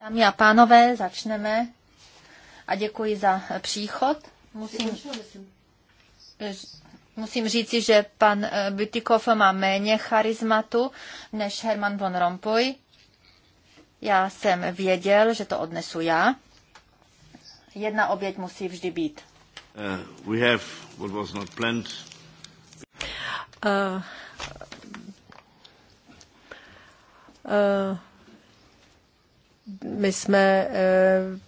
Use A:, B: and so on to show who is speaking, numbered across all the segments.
A: Dámy a pánové, začneme. A děkuji za příchod. Musím, musím říci, že pan eh, Bytikov má méně charizmatu než Herman von Rompuy. Já jsem věděl, že to odnesu já. Jedna oběť musí vždy být.
B: Uh, we have what was not planned. Uh, Eh, my jsme eh,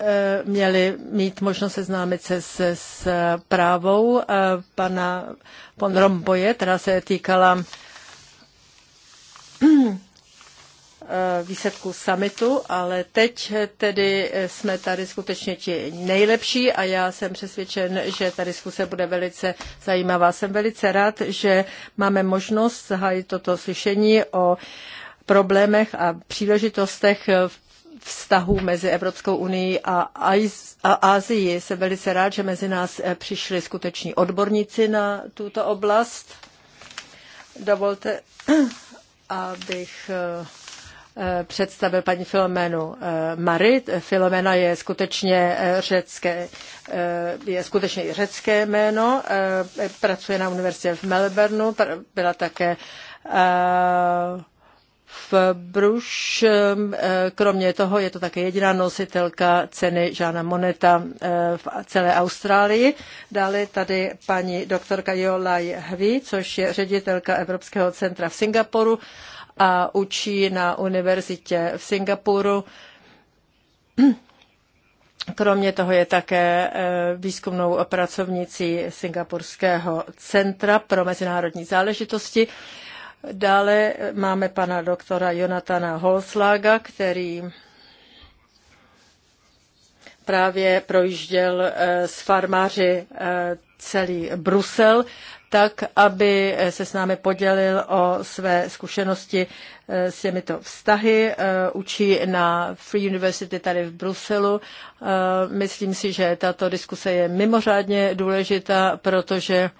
B: eh, měli mít možnost seznámit se s, s právou pana von Romboje, která se týkala výsledku summitu, ale teď tedy jsme tady skutečně ti nejlepší a já jsem přesvědčen, že ta diskuse bude velice zajímavá. Jsem velice rád, že máme možnost zahájit toto slyšení o uh, problémech a příležitostech vztahů mezi Evropskou unii a Asií. Jsem velice rád, že mezi nás eh, přišli skuteční odborníci na tuto oblast. Dovolte, abych eh, eh, představil paní Filomenu Marit. Filomena je skutečně řecké, je skutečně i řecké jméno. Pracuje na univerzitě v Melbourneu, byla také v Bruš. Ehm, eh, kromě toho je to také jediná nositelka ceny Žána Moneta eh, v celé Austrálii. Dále tady paní doktorka Jolaj Hvi, což je ředitelka Evropského centra v Singapuru a učí na univerzitě v Singapuru. Kromě toho je také eh, výzkumnou pracovnicí Singapurského centra pro mezinárodní záležitosti. Dále máme pana doktora Jonatana Holslaga, který právě projížděl eh, s farmáři eh, celý Brusel, tak, aby se s námi podělil o své zkušenosti eh, s těmito vztahy. Učí na Free University tady v Bruselu. Myslím si, že tato diskuse je mimořádně důležitá, protože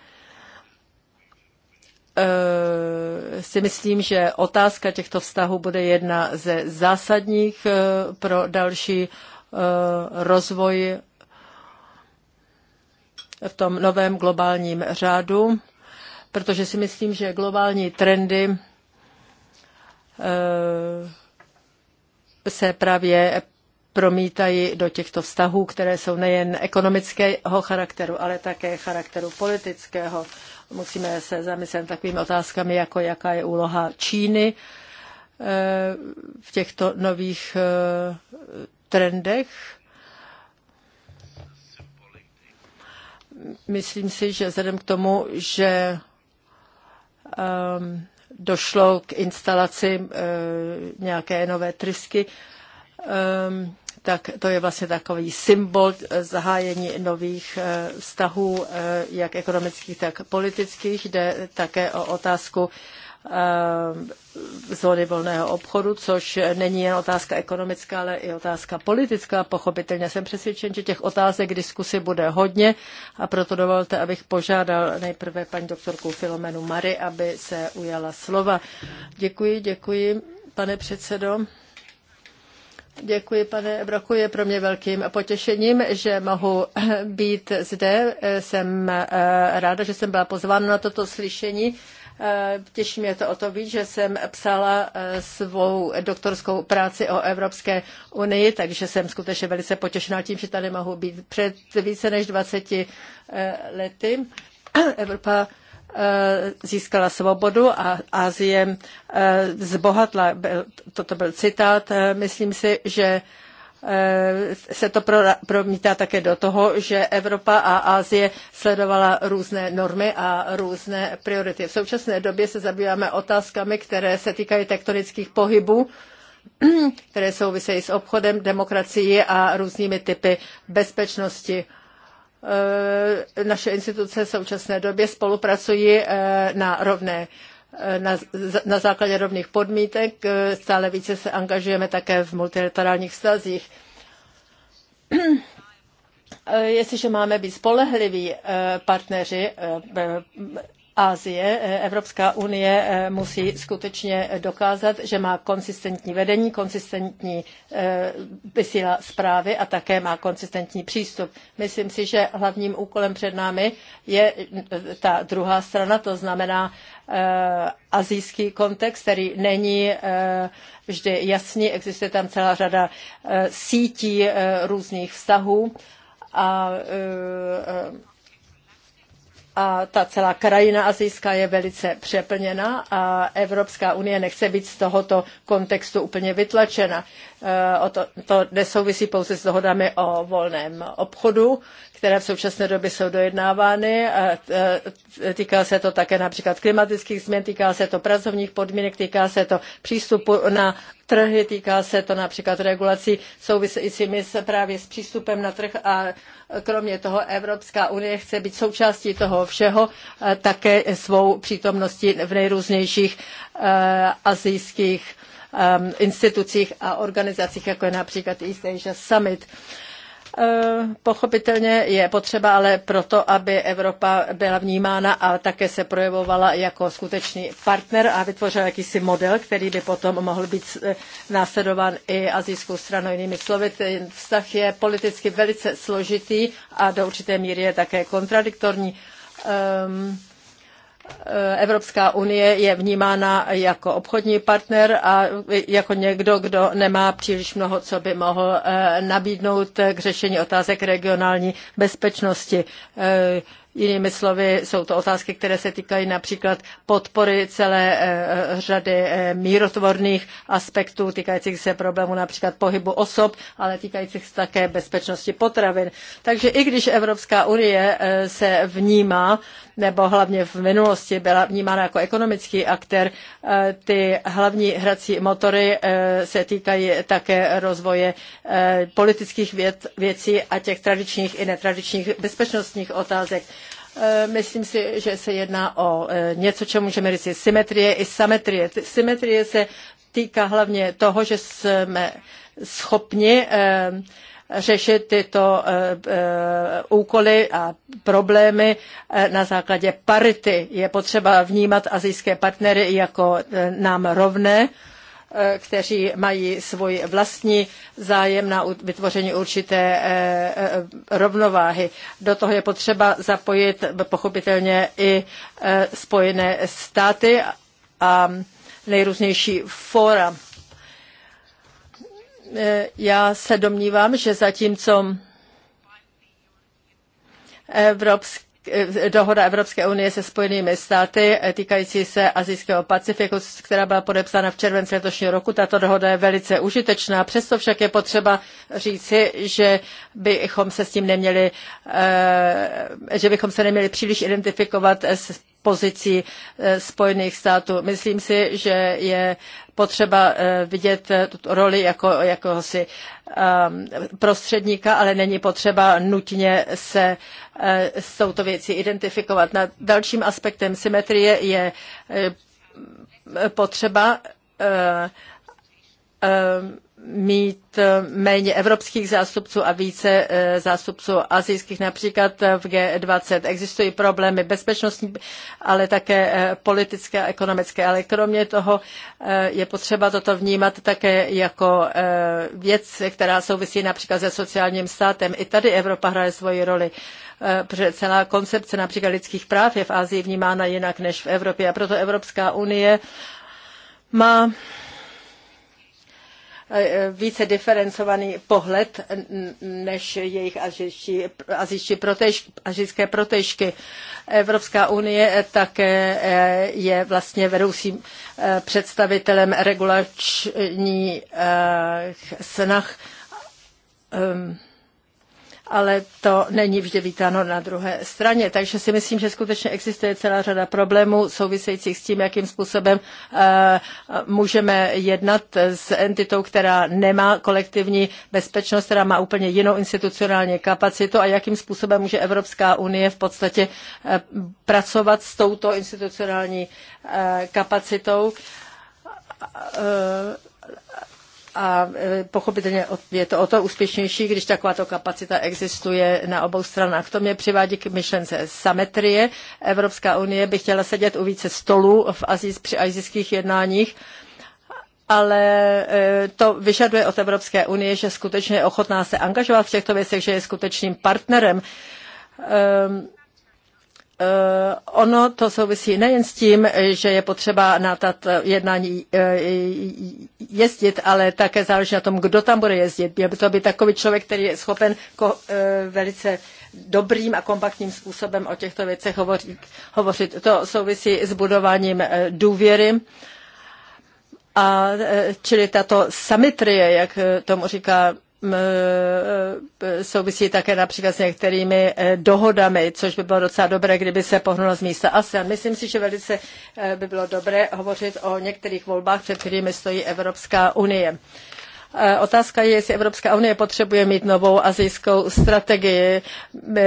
B: Eh, si myslím, že otázka těchto vztahů bude jedna ze zásadních eh, pro další eh, rozvoj v tom novém globálním řádu, protože si myslím, že globální trendy se právě promítají do těchto vztahů, které jsou nejen ekonomického charakteru, ale také charakteru politického musíme se zamyslet takovými otázkami, jako jaká je úloha Číny eh, v těchto nových eh, trendech. Myslím si, že vzhledem k tomu, že ehm, došlo k instalaci eh, nějaké nové trysky, um, tak to je vlastně takový symbol zahájení nových eh, vztahů, eh, jak ekonomických, tak politických. Jde také o otázku eh, zóny volného obchodu, což není jen otázka ekonomická, ale i otázka politická. Pochopitelně jsem přesvědčen, že těch otázek diskusy bude hodně a proto dovolte, abych požádal nejprve paní doktorku Filomenu Mary, aby se ujala slova. Děkuji, děkuji, pane předsedo. Děkuji, pane Broku. Je pro mě velkým potěšením, že mohu být zde. Jsem eh, ráda, že jsem byla pozvána na toto slyšení. Eh, těší mě to o to víc, že jsem psala eh, svou doktorskou práci o Evropské unii, takže jsem skutečně velice potěšená tím, že tady mohu být před více než 20 lety. Evropa Eh, získala svobodu a Asie eh, zbohatla. Toto byl citát. Eh, myslím si, že se to promítá také do toho, že Evropa a Asie sledovala různé normy a různé priority. V současné době se zabýváme otázkami, které se týkají tektonických pohybů, které souvisejí s obchodem, demokracií a různými typy bezpečnosti. Eh, naše instituce v současné době spolupracují eh, na rovné eh, na, na základě rovných podmítek. Stále více se angažujeme také v multilaterálních vztazích. Jestliže máme být spolehliví partneři Asie, e, Evropská unie e, musí skutečně dokázat, že má konsistentní vedení, konsistentní e, vysílá zprávy a také má konsistentní přístup. Myslím si, že hlavním úkolem před námi je ta druhá strana, to znamená azijský kontext, který není vždy jasný, existuje tam celá řada sítí různých vztahů a a ta celá krajina azijská je velice přeplněna a Evropská unie nechce být z tohoto kontextu úplně vytlačena. Eh, o to, to nesouvisí pouze s dohodami o volném obchodu, které v současné době jsou dojednávány. Eh, eh, týká se to také například klimatických změn, týká se to pracovních podmínek, týká se to přístupu na trhy, týká se to například regulací souvisejícími se právě s přístupem na trh a kromě toho Evropská unie chce být součástí toho všeho také svou přítomností v nejrůznějších azijských Um, institucích a organizacích, jako je například East Asia Summit. Uh, pochopitelně je potřeba ale proto, aby Evropa byla vnímána a také se projevovala jako skutečný partner a vytvořila jakýsi model, který by potom mohl být uh, následován i azijskou stranou. Jinými slovy, ten vztah je politicky velice složitý a do určité míry je také kontradiktorní. Um, Eh, Evropská unie je vnímána jako obchodní partner a jako někdo, kdo nemá příliš mnoho, co by mohl eh, nabídnout k řešení otázek regionální bezpečnosti. Eh, Jinými slovy, jsou to otázky, které se týkají například podpory celé eh, eh, řady eh, mírotvorných aspektů, týkajících se problému například pohybu osob, ale týkajících se také bezpečnosti potravin. Takže i když Evropská unie se vnímá, nebo hlavně v minulosti byla vnímána jako ekonomický aktér, ty hlavní hrací motory se týkají také rozvoje politických věd, věcí a těch tradičních i netradičních bezpečnostních otázek. Eh, myslím si, že se jedná o eh, něco, čemu můžeme říct symetrie i sametrie. Symetrie se týká hlavně toho, že jsme schopni eh, řešit tyto úkoly a problémy na základě parity. Je potřeba vnímat azijské partnery jako nám rovné Eh, kteří mají svůj vlastní zájem na vytvoření určité eh, eh, rovnováhy. Do toho je potřeba zapojit pochopitelně i Spojené státy a nejrůznější fóra. Já se domnívám, že zatímco Evropský Eh, dohoda Evropské unie se Spojenými státy týkající se Azijského Pacifiku, která byla podepsána v červenci letošního roku. Tato dohoda je velice užitečná, přesto však je potřeba říci, že bychom se s tím neměli, eh, že bychom se neměli příliš identifikovat s pozicí eh, Spojených států. Myslím si, že je potřeba eh, vidět eh, tuto roli jako jakéhosi ehm, prostředníka, ale není potřeba nutně se s touto věcí identifikovat. Na dalším aspektem symetrie je potřeba ehm, mít eh, méně evropských zástupců a více eh, zástupců azijských. Například v G20 existují problémy bezpečnostní, ale také eh, politické a ekonomické. Ale kromě toho je potřeba toto vnímat také jako věc, která souvisí například se sociálním státem. I tady Evropa hraje svoji roli. Protože celá koncepce například lidských práv je v Asii vnímána jinak než v Evropě. A proto Evropská unie má Eh, více diferencovaný pohled než jejich azijští, azijští azijské protežky. Evropská unie také eh, je vlastně vedoucím eh, představitelem regulačních snah ehm, ale to není vždy vítáno na druhé straně. Takže si myslím, že skutečně existuje celá řada problémů souvisejících s tím, jakým způsobem eh, můžeme jednat s entitou, která nemá kolektivní bezpečnost, která má úplně jinou institucionální kapacitu a jakým způsobem může Evropská unie v podstatě eh, pracovat s touto institucionální eh, kapacitou a e, pochopitelně je to o to úspěšnější, když takováto kapacita existuje na obou stranách. To mě přivádí k myšlence sametrie. Evropská unie by chtěla sedět u více stolů v Aziz, při azijských jednáních, ale e, to vyžaduje od Evropské unie, že skutečně je ochotná se angažovat v těchto věcech, že je skutečným partnerem. Um, Eh, ono to souvisí nejen s tím, že je potřeba na tato jednání eh, jezdit, ale také záleží na tom, kdo tam bude jezdit. Měl by to být takový člověk, který je schopen eh, velice dobrým a kompaktním způsobem o těchto věcech hovořit. hovořit. To souvisí s budováním důvěry. A čili tato samitrie, jak tomu říká E, souvisí také například s některými e, dohodami, což by bylo docela dobré, kdyby se pohnulo z místa ASEAN. Myslím si, že velice e, by bylo dobré hovořit o některých volbách, před kterými stojí Evropská unie. Eh, otázka je, jestli Evropská unie potřebuje mít novou azijskou strategii.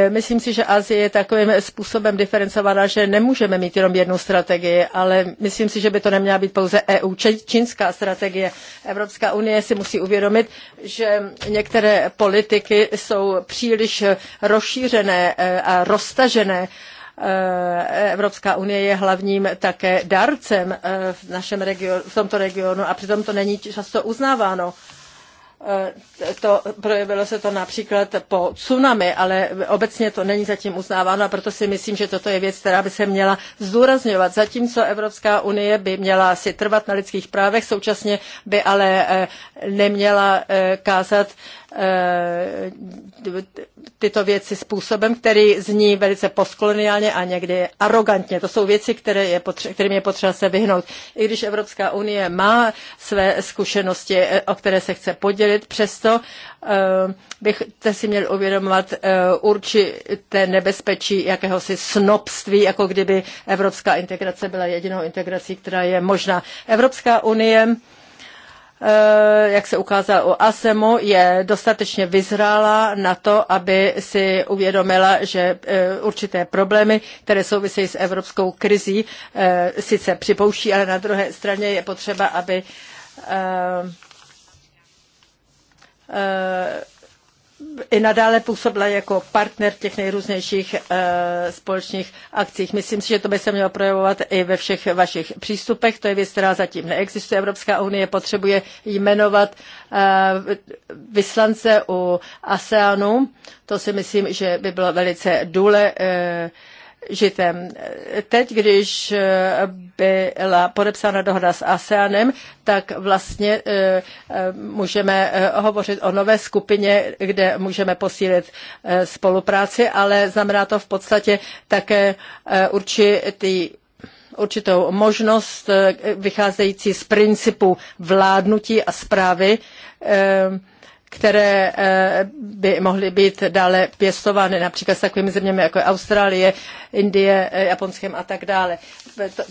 B: Myslím si, že Azie je takovým způsobem diferencovaná, že nemůžeme mít jenom jednu strategii, ale myslím si, že by to neměla být pouze EU. Čínská strategie. Evropská unie si musí uvědomit, že některé politiky jsou příliš rozšířené eh, a roztažené Eh, Evropská unie je hlavním také darcem eh, v, našem regionu, v tomto regionu a přitom to není často uznáváno. Eh, to, projevilo se to například po tsunami, ale obecně to není zatím uznáváno a proto si myslím, že toto je věc, která by se měla zdůrazňovat. Zatímco Evropská unie by měla si trvat na lidských právech, současně by ale neměla kázat Eh, tyto věci způsobem, který zní velice postkoloniálně a někdy arrogantně. To jsou věci, které je potře- kterým je potřeba se vyhnout. I když Evropská unie má své zkušenosti, eh, o které se chce podělit, přesto eh, byste si měl uvědomovat určité nebezpečí jakéhosi snobství, jako kdyby evropská integrace byla jedinou integrací, která je možná. Evropská unie Eh, jak se ukázalo u ASEMu, je dostatečně vyzrála na to, aby si uvědomila, že eh, určité problémy, které souvisejí s evropskou krizí, eh, sice připouští, ale na druhé straně je potřeba, aby i nadále působila jako partner v těch nejrůznějších eh, společných akcích. Myslím si, že to by se mělo projevovat i ve všech vašich přístupech. To je věc, která zatím neexistuje. Evropská unie potřebuje jmenovat eh, vyslance u ASEANu. To si myslím, že by bylo velice důležité eh, Žitem. Teď, když byla podepsána dohoda s ASEANem, tak vlastně eh, eh, můžeme eh, hovořit o nové skupině, kde můžeme posílit spolupráci, ale znamená to v podstatě také určitý určitou možnost vycházející z principu vládnutí a zprávy které eh, by mohly být dále pěstovány, například s takovými zeměmi jako je Austrálie, Indie, eh, Japonskem a tak dále.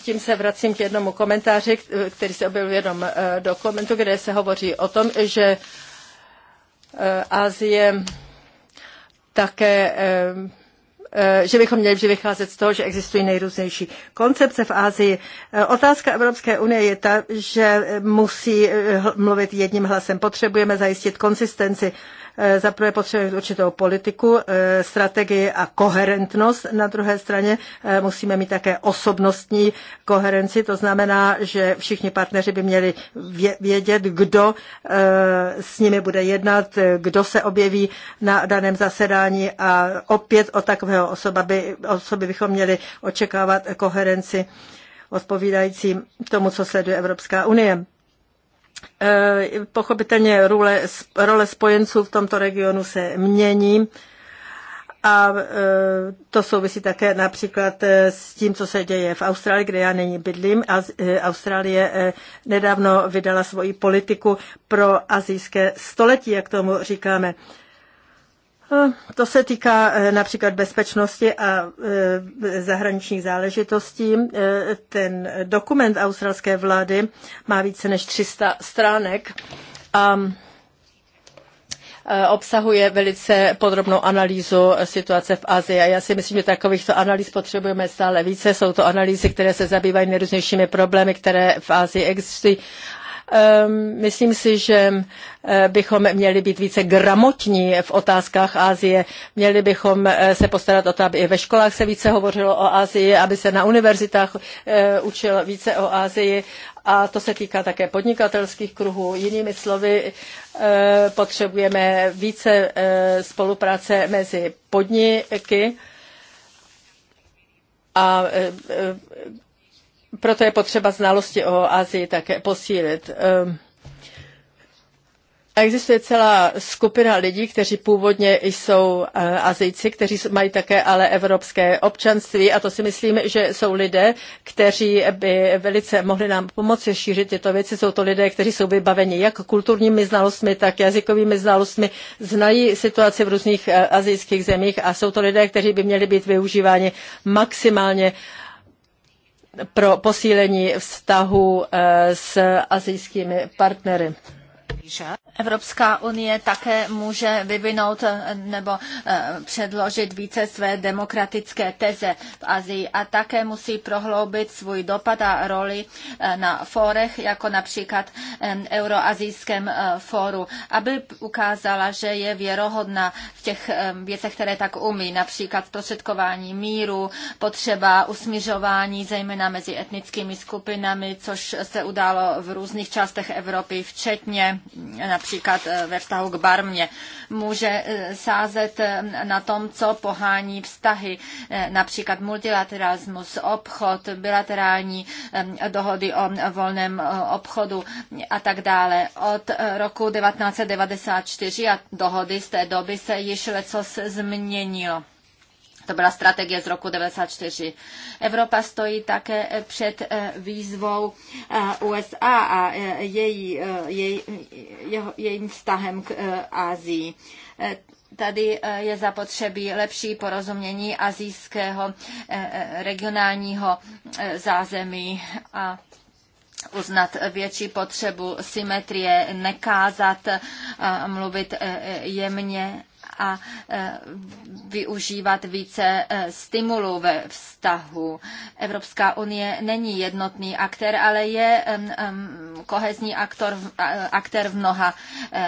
B: Tím se vracím k jednomu komentáři, který se objevil v jednom eh, dokumentu, kde se hovoří o tom, že Asie také Eh, že bychom měli vždy vycházet z toho, že existují nejrůznější koncepce v Ázii. Eh, otázka Evropské unie je ta, že musí eh, mluvit jedním hlasem. Potřebujeme zajistit konsistenci Eh, Zaprvé potřebujeme určitou politiku, eh, strategii a koherentnost. Na druhé straně eh, musíme mít také osobnostní koherenci, to znamená, že všichni partneři by měli vědět, kdo s nimi bude jednat, kdo se objeví na daném zasedání a opět od takového osoba by, osoby bychom měli očekávat koherenci odpovídající tomu, co sleduje Evropská unie. Eh, pochopitelně role, role spojenců v tomto regionu se mění a eh, to souvisí také například eh, s tím, co se děje v Austrálii, kde já nyní bydlím. A Austrálie nedávno vydala svoji politiku pro azijské století, jak tomu říkáme. No, to se týká eh, například bezpečnosti a eh, zahraničních záležitostí. Eh, ten dokument australské vlády má více než 300 stránek a obsahuje velice podrobnou analýzu situace v Asii a já si myslím, že takovýchto analýz potřebujeme stále více. Jsou to analýzy, které se zabývají nejrůznějšími problémy, které v Asii existují Ehm, myslím si, že eh, bychom měli být více gramotní v otázkách Asie. Měli bychom eh, se postarat o to, aby i ve školách se více hovořilo o Asii, aby se na univerzitách eh, učilo více o Asii. A to se týká také podnikatelských kruhů. Jinými slovy, potřebujeme více spolupráce mezi podniky a proto je potřeba znalosti o Asii také posílit. Ehm, existuje celá skupina lidí, kteří původně jsou eh, Azijci, kteří mají také ale evropské občanství a to si myslím, že jsou lidé, kteří by velice mohli nám pomoci šířit tyto věci. Jsou to lidé, kteří jsou vybaveni jak kulturními znalostmi, tak jazykovými znalostmi, znají situaci v různých eh, azijských zemích a jsou to lidé, kteří by měli být využíváni maximálně uh, pro posílení vztahu eh, s asijskými partnery.
A: Evropská unie také může vyvinout eh, nebo eh, předložit více své demokratické teze v Azii a také musí prohloubit svůj dopad a roli eh, na fórech, jako například Euroazijském fóru, aby ukázala, že je věrohodná v těch věcech, které tak umí, například zprostředkování míru, potřeba usmířování, zejména mezi etnickými skupinami, což se událo v různých částech Evropy, včetně například eh, ve vztahu k barmě. Může eh, sázet eh, na tom, co pohání vztahy, například multilateralismus, obchod, bilaterální dohody o volném obchodu a tak dále. Od roku 1994 a dohody z té doby se již leco změnilo. To byla strategie z roku 1994. Evropa stojí také před eh, výzvou eh, USA a eh, její, jej, jeho, jejím vztahem k Ázii. Tady je zapotřebí lepší porozumění azijského regionálního zázemí a uznat větší potřebu symetrie, nekázat mluvit jemně a e, využívat více e, stimulů ve vztahu. Evropská unie není jednotný aktér, ale je e, kohezní aktor, aktér v mnoha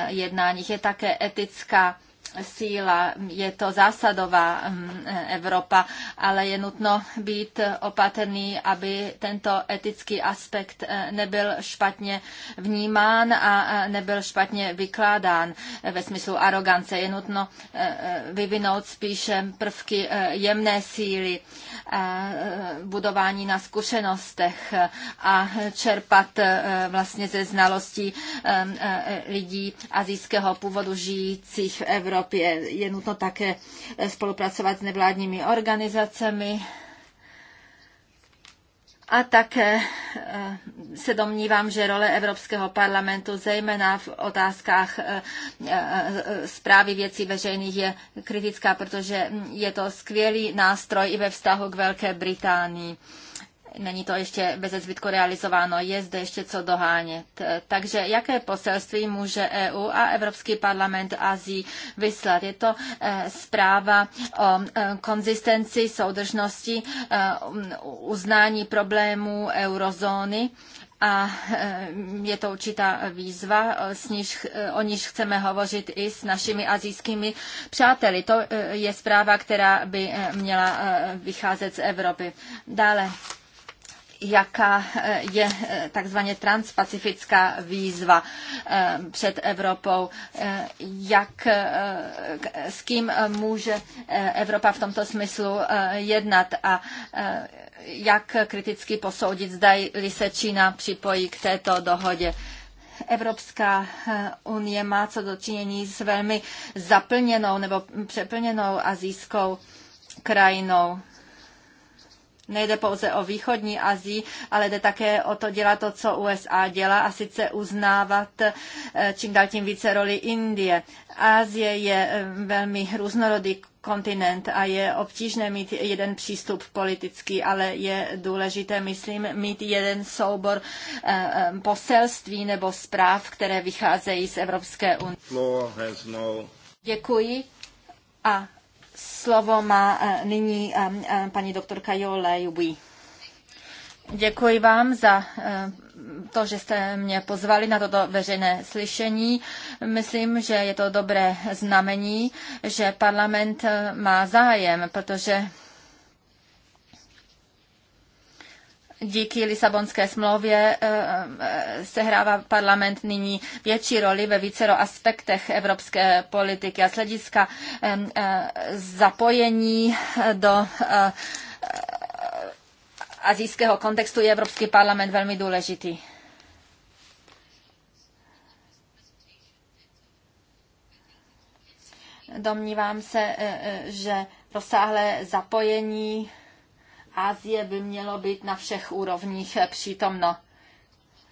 A: jednáních. Je také etická síla, je to zásadová mm, Evropa, ale je nutno být opatrný, aby tento etický aspekt eh, nebyl špatně vnímán a eh, nebyl špatně vykládán ve smyslu arogance. Je nutno eh, vyvinout spíše prvky jemné síly, budování na zkušenostech a čerpat vlastně ze znalostí lidí azijského původu žijících v Evropě Evropě. Je nutno také spolupracovat s nevládními organizacemi. A také eh, se domnívám, že role Evropského parlamentu, zejména v otázkách eh, eh, zprávy věcí veřejných, je kritická, protože je to skvělý nástroj i ve vztahu k Velké Británii. Není to ještě bez zbytku realizováno, je zde ještě co dohánět. Takže jaké poselství může EU a Evropský parlament Azii vyslat? Je to eh, zpráva o eh, konzistenci, soudržnosti, eh, uznání problémů eurozóny a je to určitá výzva, s níž, o níž chceme hovořit i s našimi azijskými přáteli. To je zpráva, která by měla vycházet z Evropy. Dále jaká eh, je eh, takzvaně transpacifická výzva eh, před Evropou, jak s kým může Evropa v tomto smyslu jednat a jak kriticky posoudit, zda-li se Čína připojí k této dohodě. Evropská unie má co dočinění s velmi zaplněnou nebo přeplněnou azijskou krajinou Nejde pouze o východní Azii, ale jde také o to dělat to, co USA dělá a sice uznávat eh, čím dál tím více roli Indie. Asie je eh, velmi různorodý kontinent a je obtížné mít jeden přístup politický, ale je důležité, myslím, mít jeden soubor eh, poselství nebo zpráv, které vycházejí z Evropské unie. No- Děkuji a Slovo má eh, nyní eh, eh, paní doktorka Jole Děkuji vám za to, že jste mě pozvali na toto veřejné slyšení. Myslím, že je to dobré znamení, že parlament má zájem, protože díky Lisabonské smlouvě eh, eh, sehrává parlament nyní větší roli ve vícero aspektech evropské politiky a slediska eh, zapojení do azijského kontextu je Evropský parlament velmi důležitý. Domnívám se, že rozsáhlé zapojení Asie by mělo být na všech úrovních eh, přítomno.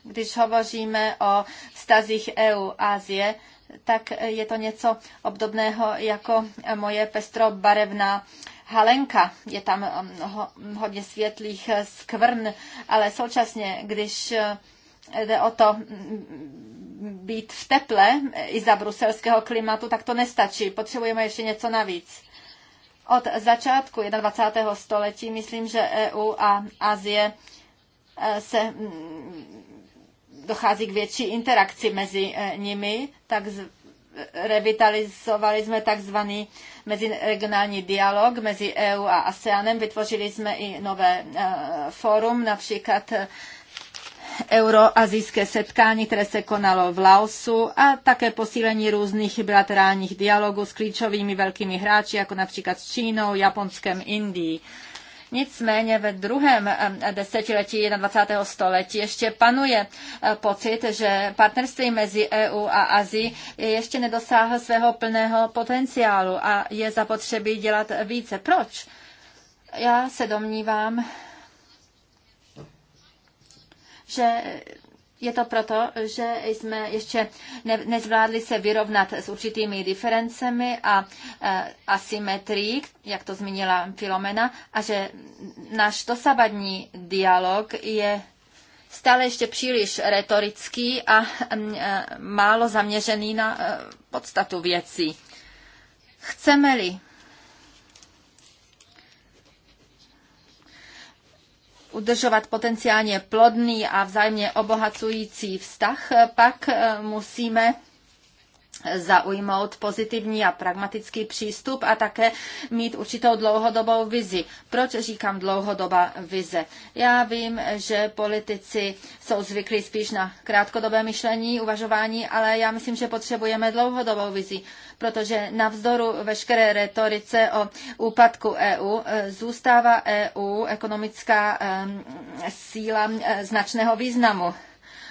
A: Když hovoříme o vztazích EU-Asie, tak eh, je to něco obdobného jako eh, moje pestrobarevná halenka. Je tam hodně světlých skvrn, ale současně, když jde o to být v teple i za bruselského klimatu, tak to nestačí. Potřebujeme ještě něco navíc. Od začátku 21. století myslím, že EU a Asie eh, se mm, dochází k větší interakci mezi eh, nimi, tak revitalizovali jsme takzvaný meziregionální dialog mezi EU a ASEANem, vytvořili jsme i nové eh, fórum, například euroazijské setkání, které se konalo v Laosu a také posílení různých bilaterálních dialogů s klíčovými velkými hráči, jako například s Čínou, Japonskem, Indií. Nicméně ve druhém eh, desetiletí 21. století ještě panuje eh, pocit, že partnerství mezi EU a Azií ještě nedosáhl svého plného potenciálu a je zapotřebí dělat více. Proč? Já se domnívám, že je to proto, že jsme ještě ne, nezvládli se vyrovnat s určitými diferencemi a eh, asymetrií, jak to zmínila Filomena, a že náš dosavadní dialog je stále ještě příliš retorický a mm, eh, málo zaměřený na eh, podstatu věcí. Chceme-li udržovat potenciálně plodný a vzájemně obohacující vztah, pak eh, musíme zaujmout pozitivní a pragmatický přístup a také mít určitou dlouhodobou vizi. Proč říkám dlouhodobá vize? Já vím, že politici jsou zvyklí spíš na krátkodobé myšlení, uvažování, ale já myslím, že potřebujeme dlouhodobou vizi, protože navzdoru veškeré retorice o úpadku EU e, zůstává EU ekonomická síla e, značného významu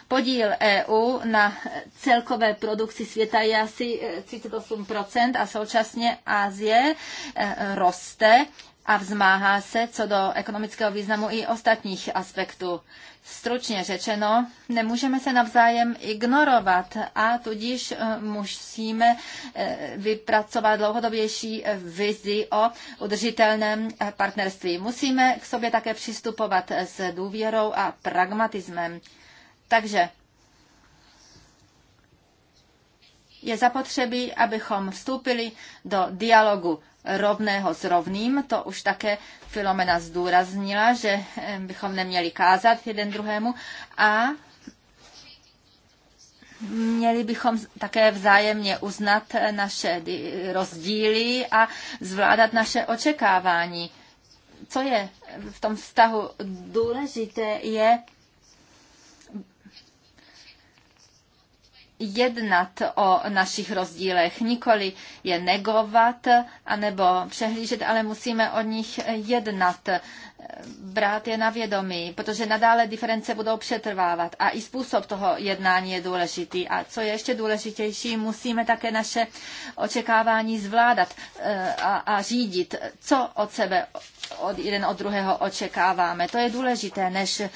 A: Podíl EU na celkové produkci světa je asi 38% eh, a současně Asie eh, roste a vzmáhá se co do ekonomického významu i ostatních aspektů. Stručně řečeno, nemůžeme se navzájem ignorovat a tudíž eh, musíme vypracovat dlouhodobější vizi o udržitelném partnerství. Musíme k sobě také přistupovat s důvěrou a pragmatismem. Takže je zapotřebí, abychom vstoupili do dialogu rovného s rovným. To už také Filomena zdůraznila, že eh, bychom neměli kázat jeden druhému a měli bychom také vzájemně uznat eh, naše rozdíly a zvládat naše očekávání. Co je v tom vztahu důležité, je jednat o našich rozdílech, nikoli je negovat anebo přehlížet, ale musíme o nich jednat brát je na vědomí, protože nadále diference budou přetrvávat a i způsob toho jednání je důležitý. A co je ještě důležitější, musíme také naše očekávání zvládat eh, a, a řídit, co od sebe od jeden od druhého očekáváme. To je důležité, než um,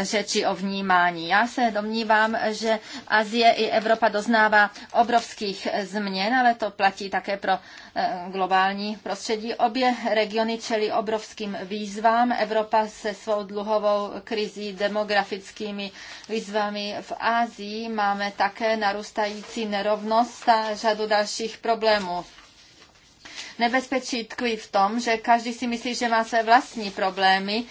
A: řeči o vnímání. Já se domnívám, že Azie i Evropa doznává obrovských změn, ale to platí také pro um, globální prostředí. Obě regiony čelí obrovským výzvám výzvám. Evropa se svou dluhovou krizí, demografickými výzvami v Ázii máme také narůstající nerovnost a řadu dalších problémů. Nebezpečí tkví v tom, že každý si myslí, že má své vlastní problémy,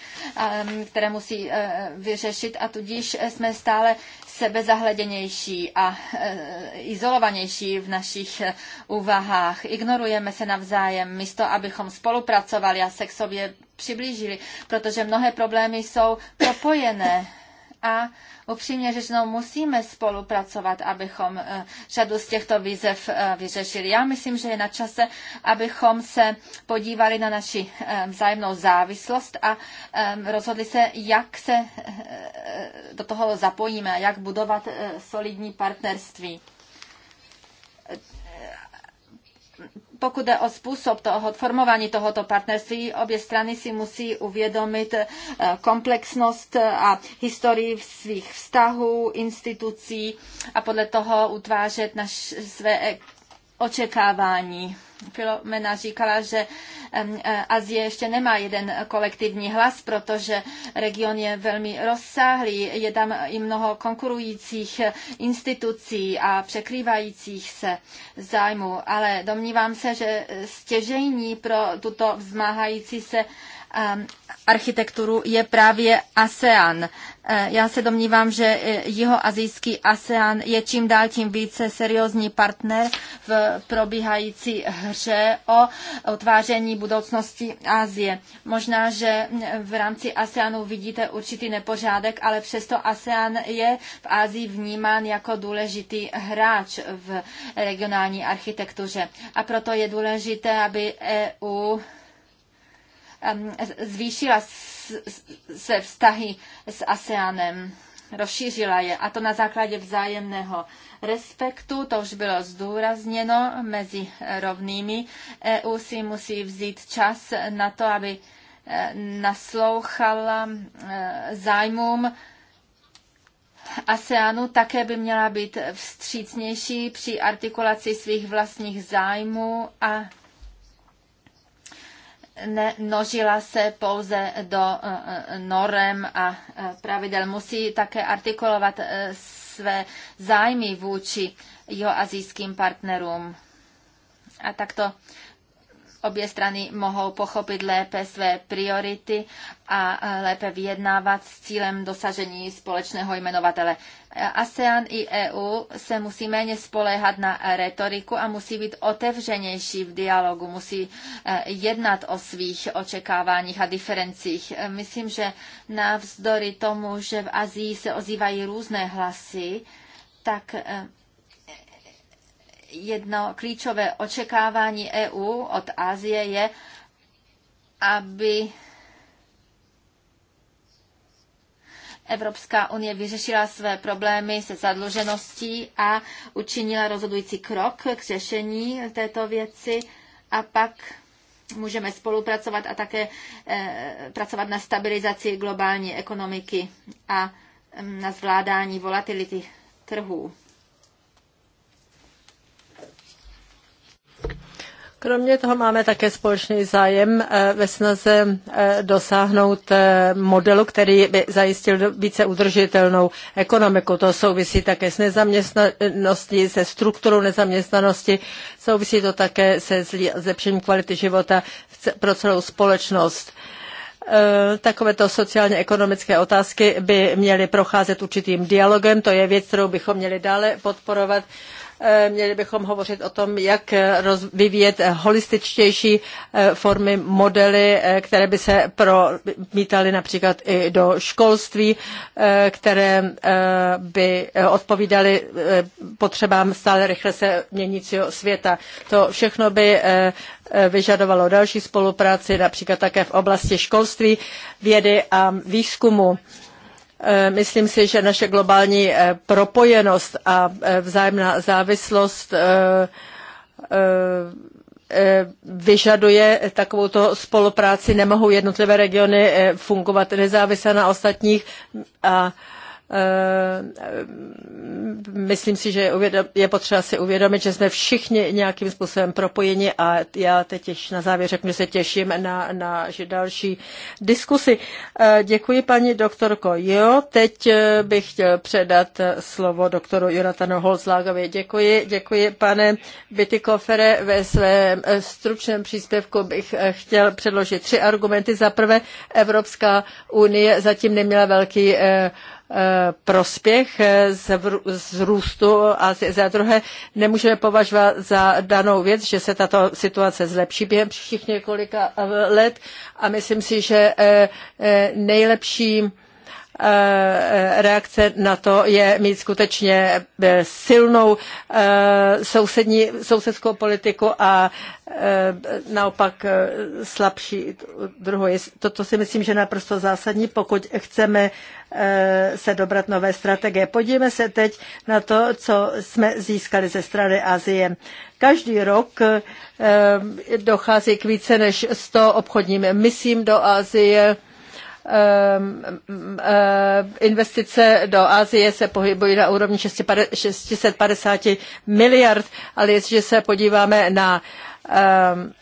A: které musí e, vyřešit a tudíž jsme stále sebezahleděnější a e, izolovanější v našich e, úvahách. Ignorujeme se navzájem, místo abychom spolupracovali a se k sobě přiblížili, protože mnohé problémy jsou propojené a upřímně řečeno musíme spolupracovat, abychom eh, řadu z těchto výzev eh, vyřešili. Já myslím, že je na čase, abychom se podívali na naši eh, vzájemnou závislost a rozhodli se, jak se do toho zapojíme a jak budovat solidní partnerství. Pokud jde o způsob toho, formování tohoto partnerství, obě strany si musí uvědomit eh, komplexnost eh, a historii svých vztahů, institucí a podle toho utvářet naš, své očekávání. Filomena říkala, že e, Azie ještě nemá jeden kolektivní hlas, protože region je velmi rozsáhlý, je tam i mnoho konkurujících institucí a překrývajících se zájmu, ale domnívám se, že stěžejní pro tuto vzmáhající se Ehm, architekturu je právě ASEAN. Ehm, já se domnívám, že e, jihoazijský ASEAN je čím dál tím více seriózní partner v probíhající hře o utváření budoucnosti Asie. Možná, že e, v rámci ASEANu vidíte určitý nepořádek, ale přesto ASEAN je v Asii vnímán jako důležitý hráč v regionální architektuře. A proto je důležité, aby EU Um, zvýšila se vztahy s ASEANem rozšířila je a to na základě vzájemného respektu, to už bylo zdůrazněno mezi rovnými. EU si musí vzít čas na to, aby e, naslouchala e, zájmům ASEANu také by měla být vstřícnější při artikulaci svých vlastních zájmů a nenožila se pouze do eh, norem a eh, pravidel. Musí také artikulovat eh, své zájmy vůči jeho partnerům. A takto Obě strany mohou pochopit lépe své priority a lépe vyjednávat s cílem dosažení společného jmenovatele. ASEAN i EU se musí méně spoléhat na retoriku a musí být otevřenější v dialogu, musí eh, jednat o svých očekáváních a diferencích. Myslím, že navzdory tomu, že v Azii se ozývají různé hlasy, tak eh, jedno klíčové očekávání EU od Asie je, aby Evropská unie vyřešila své problémy se zadlužeností a učinila rozhodující krok k řešení této věci a pak můžeme spolupracovat a také eh, pracovat na stabilizaci globální ekonomiky a mm, na zvládání volatility trhů.
B: Kromě toho máme také společný zájem eh, ve snaze eh, dosáhnout eh, modelu, který by zajistil více udržitelnou ekonomiku. To souvisí také s nezaměstnaností, se strukturou nezaměstnanosti, souvisí to také se zlepšením kvality života pro celou společnost takovéto sociálně ekonomické otázky by měly procházet určitým dialogem. To je věc, kterou bychom měli dále podporovat. Eh, měli bychom hovořit o tom, jak vyvíjet holističtější eh, formy, modely, eh, které by se promítaly například i do školství, které by odpovídaly potřebám stále rychle se měnícího světa. To všechno by vyžadovalo další spolupráci, například také v oblasti školství, vědy a výzkumu. Eh, myslím si, že naše globální eh, propojenost a eh, vzájemná závislost vyžaduje takovouto spolupráci. Nemohou jednotlivé regiony fungovat nezávisle na ostatních a Eh, myslím si, že je potřeba si uvědomit, že jsme všichni nějakým způsobem propojeni a já teď na závěr řeknu, že se těším na že další diskusi. Eh, děkuji paní doktorko. Jo, teď eh, bych chtěl předat slovo doktoru Jonatanu Holzlágovi. Děkuji, děkuji pane Bytykofere. Ve svém stručném příspěvku bych chtěl předložit tři argumenty. Za prvé, Evropská unie zatím neměla velký prospěch z, z růstu a za druhé nemůžeme považovat za danou věc, že se tato situace zlepší během příštích několika eh, let a myslím si, že eh, eh, nejlepší Eh, reakce na to je mít skutečně eh, silnou eh, sousední, sousedskou politiku a naopak slabší druhou. Toto si myslím, že je naprosto zásadní, pokud chceme se dobrat nové strategie. Podívejme se teď na to, co jsme získali ze strany Asie. Každý rok dochází k více než 100 obchodním misím do Asie. Ehm, ehm, investice do Asie se pohybují na úrovni 650 miliard, ale jestliže se podíváme na ehm,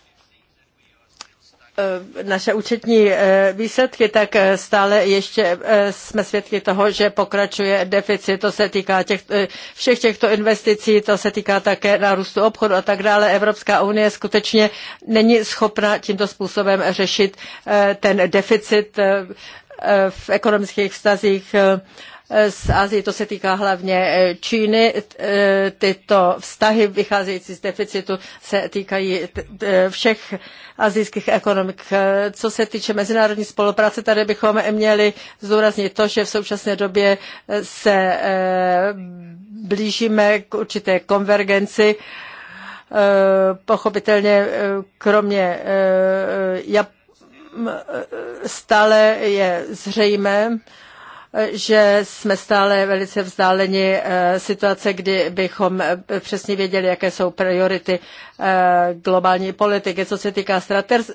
B: Eh, naše účetní eh, výsledky, tak eh, stále ještě jsme svědky toho, že pokračuje deficit. To se týká těch, všech těchto investicí, to se týká také nárůstu obchodu a tak dále. Evropská unie skutečně není schopna tímto způsobem řešit ten deficit v ekonomických vztazích Eh, z Azii, to se týká hlavně eh, Číny. Eh, tyto vztahy vycházející z deficitu se týkají všech azijských ekonomik. Co se týče mezinárodní spolupráce, tady bychom měli zdůraznit to, že v současné době se blížíme k určité konvergenci pochopitelně kromě stále je zřejmé, že jsme stále velice vzdáleni eh, situace, kdy bychom eh, přesně věděli, jaké jsou priority eh, globální politiky. Co se týká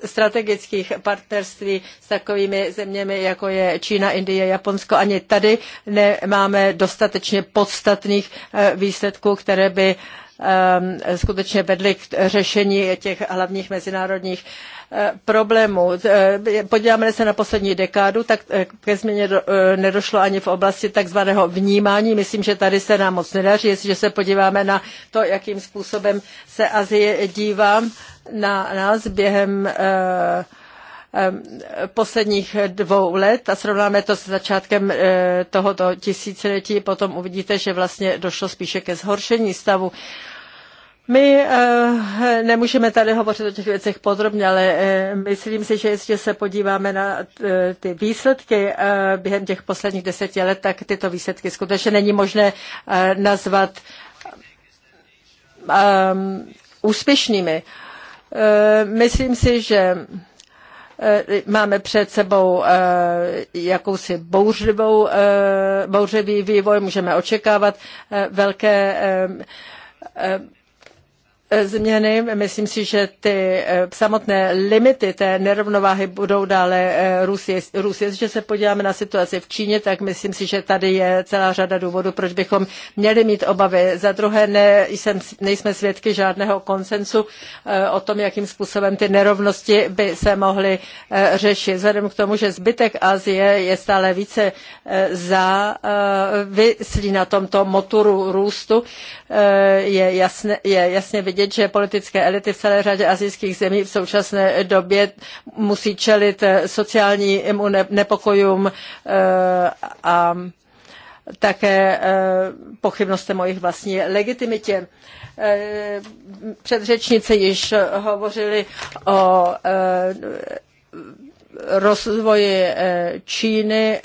B: strategických partnerství s takovými zeměmi, jako je Čína, Indie, Japonsko, ani tady nemáme dostatečně podstatných výsledků, které by Ehm, skutečně vedly k řešení těch hlavních mezinárodních eh, problémů. Eh, podíváme se na poslední dekádu, tak eh, ke změně nedošlo ani v oblasti takzvaného vnímání. Myslím, že tady se nám moc nedaří, jestliže se podíváme na to, jakým způsobem se Azie dívá na nás během uh, posledních dvou let a srovnáme to s začátkem eh, tohoto tisíciletí, potom uvidíte, že vlastně došlo spíše ke zhoršení stavu. My eh, nemůžeme tady hovořit o těch věcech podrobně, ale eh, myslím si, že jestli se podíváme na ty výsledky během těch posledních deseti let, tak tyto výsledky skutečně není možné nazvat ehm, úspěšnými. Myslím si, že Eh, máme před sebou eh, jakousi bouřlivou, eh, bouřlivý vývoj, můžeme očekávat velké Eh, změny. Myslím si, že ty eh, samotné limity té nerovnováhy budou dále eh, růst. Jestliže se podíváme na situaci v Číně, tak myslím si, že tady je celá řada důvodů, proč bychom měli mít obavy. Za druhé, ne, jsem, nejsme svědky žádného konsensu o tom, jakým způsobem ty nerovnosti by se mohly řešit. Vzhledem k tomu, že zbytek Asie je stále více závislý na tomto motoru růstu, je jasně, je jasně vidět, vidět, že politické elity v celé řadě azijských zemí v současné době musí čelit eh, sociálním nepokojům eh, a také eh, pochybnostem o jejich vlastní legitimitě. Předřečnice již hovořili o rozvoji Číny,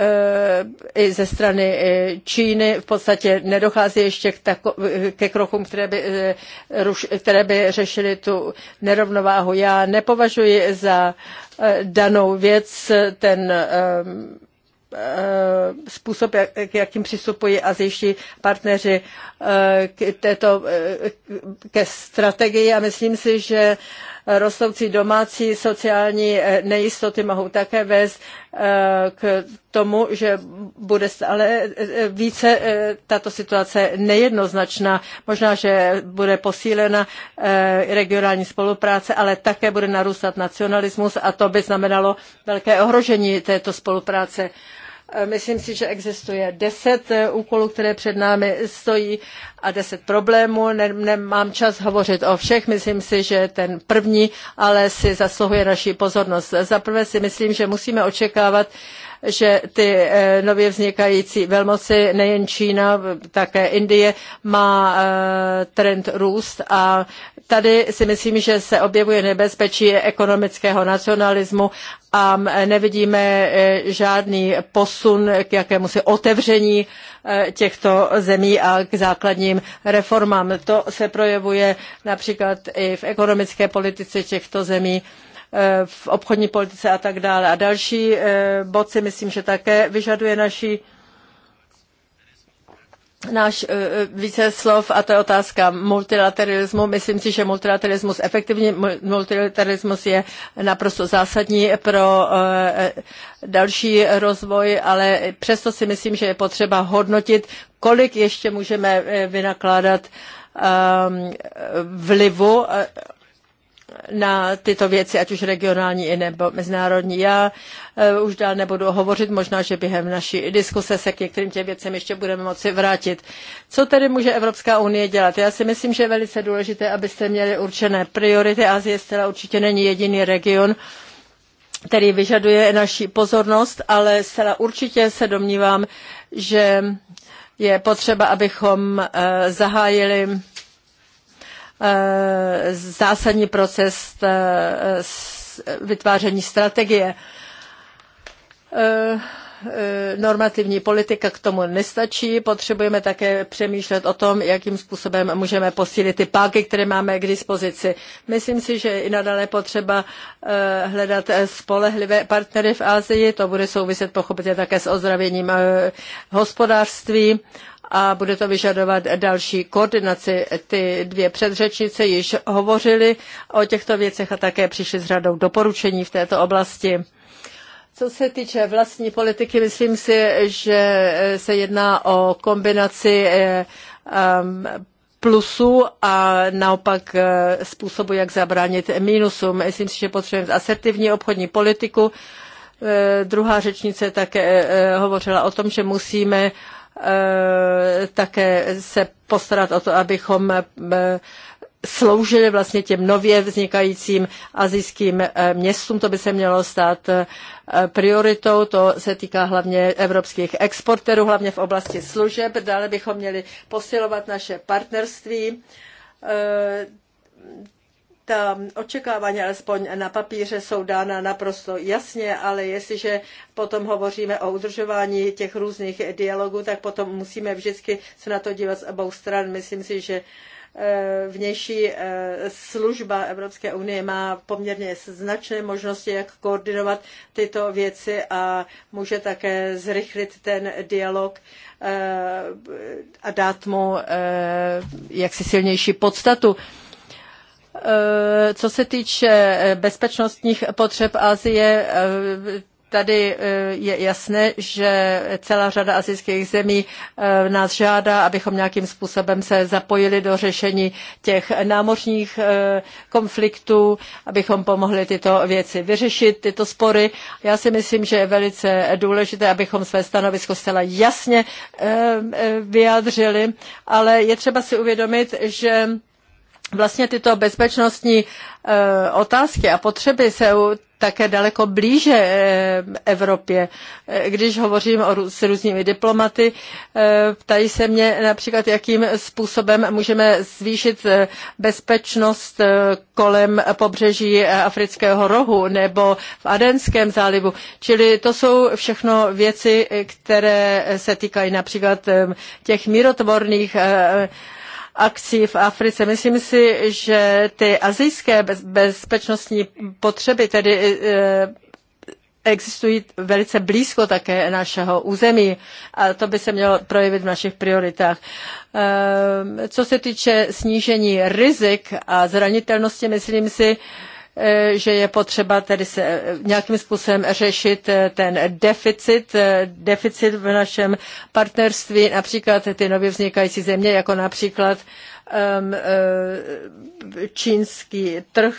B: Eh, i ze strany eh, Číny v podstatě nedochází ještě k tako, ke krokům, které by, eh, které by řešily tu nerovnováhu. Já nepovažuji za danou věc ten způsob, jak, jakým přistupují azijští partneři k této ke strategii a myslím si, že Rostoucí domácí sociální eh, nejistoty mohou také vést eh, k tomu, že bude stále eh, více tato situace nejednoznačná. Možná, že bude posílena regionální spolupráce, ale také bude narůstat nacionalismus a to by znamenalo velké ohrožení této spolupráce. Eh, myslím si, že existuje deset eh, úkolů, které před námi stojí a deset problémů. Nemám čas hovořit o všech. Myslím si, že ten první ale si zasluhuje naší pozornost. Za prvé si myslím, že musíme očekávat, že ty eh, nově vznikající velmoci, nejen Čína, také Indie, má eh, trend růst a tady si myslím, že se objevuje nebezpečí ekonomického nacionalismu a nevidíme eh, žádný posun k jakémusi otevření těchto zemí a k základním reformám. To se projevuje například i v ekonomické politice těchto zemí. Eh, v obchodní politice a tak dále. A další eh, bod si myslím, že také vyžaduje naši náš eh, více slov a to je otázka multilateralismu. Myslím si, že multilateralismus, efektivní multilateralismus je naprosto zásadní pro další rozvoj, ale přesto si myslím, že je potřeba hodnotit, kolik ještě můžeme vynakládat ehm, vlivu na tyto věci, ať už regionální i nebo mezinárodní. Já e, už dál nebudu hovořit, možná, že během naší diskuse se k některým těm věcem ještě budeme moci vrátit. Co tedy může Evropská unie dělat? Já si myslím, že je velice důležité, abyste měli určené priority. Azie zcela určitě není jediný region, který vyžaduje naší pozornost, ale zcela určitě se domnívám, že je potřeba, abychom e, zahájili Eh, zásadní proces eh, vytváření strategie. Eh, normativní politika k tomu nestačí, potřebujeme také přemýšlet o tom, jakým způsobem můžeme posílit ty páky, které máme k dispozici. Myslím si, že i nadále potřeba hledat spolehlivé partnery v Asii, to bude souviset pochopitelně také s ozdravěním hospodářství a bude to vyžadovat další koordinaci. Ty dvě předřečnice již hovořily o těchto věcech a také přišly s řadou doporučení v této oblasti. Co se týče vlastní politiky, myslím si, že se jedná o kombinaci ehm, plusů a naopak e, způsobu, jak zabránit mínusům. Myslím si, že potřebujeme asertivní obchodní politiku. E, druhá řečnice také e, hovořila o tom, že musíme Eh, také se postarat o to, abychom eh, sloužili vlastně těm nově vznikajícím azijským eh, městům. To by se mělo stát prioritou. To se týká hlavně evropských exporterů, hlavně v oblasti služeb. Dále bychom měli posilovat naše partnerství ta očekávání, alespoň na papíře, jsou dána naprosto jasně, ale jestliže potom hovoříme o udržování těch různých dialogů, tak potom musíme vždycky se na to dívat z obou stran. Myslím si, že eh, vnější eh, služba Evropské unie má poměrně značné možnosti, jak koordinovat tyto věci a může také zrychlit ten dialog eh, a dát mu jaksi silnější podstatu. Eh, co se týče eh, bezpečnostních potřeb Asie, eh, tady je jasné, že celá řada azijských zemí nás žádá, abychom nějakým způsobem se zapojili do řešení těch námořních konfliktů, abychom pomohli tyto věci vyřešit, tyto spory. Já si myslím, že je velice důležité, abychom své stanovisko zcela jasně vyjádřili, ale je třeba si uvědomit, že vlastně tyto bezpečnostní eh, otázky a potřeby jsou také daleko blíže eh, Evropě. Eh, když hovořím o, s různými diplomaty, ptají se mě například, jakým způsobem můžeme zvýšit bezpečnost kolem pobřeží Afrického rohu nebo v Adenském zálivu. Čili to jsou všechno věci, které se týkají například těch mírotvorných akcí v Africe. Myslím si, že ty azijské bezpečnostní potřeby tedy e, existují velice blízko také našeho území a to by se mělo projevit v našich prioritách. Ehm, co se týče snížení rizik a zranitelnosti, myslím si, Eh, že je potřeba tedy se eh, nějakým způsobem řešit eh, ten deficit, deficit v našem partnerství, například ty nově vznikající země, jako například Eh, čínský trh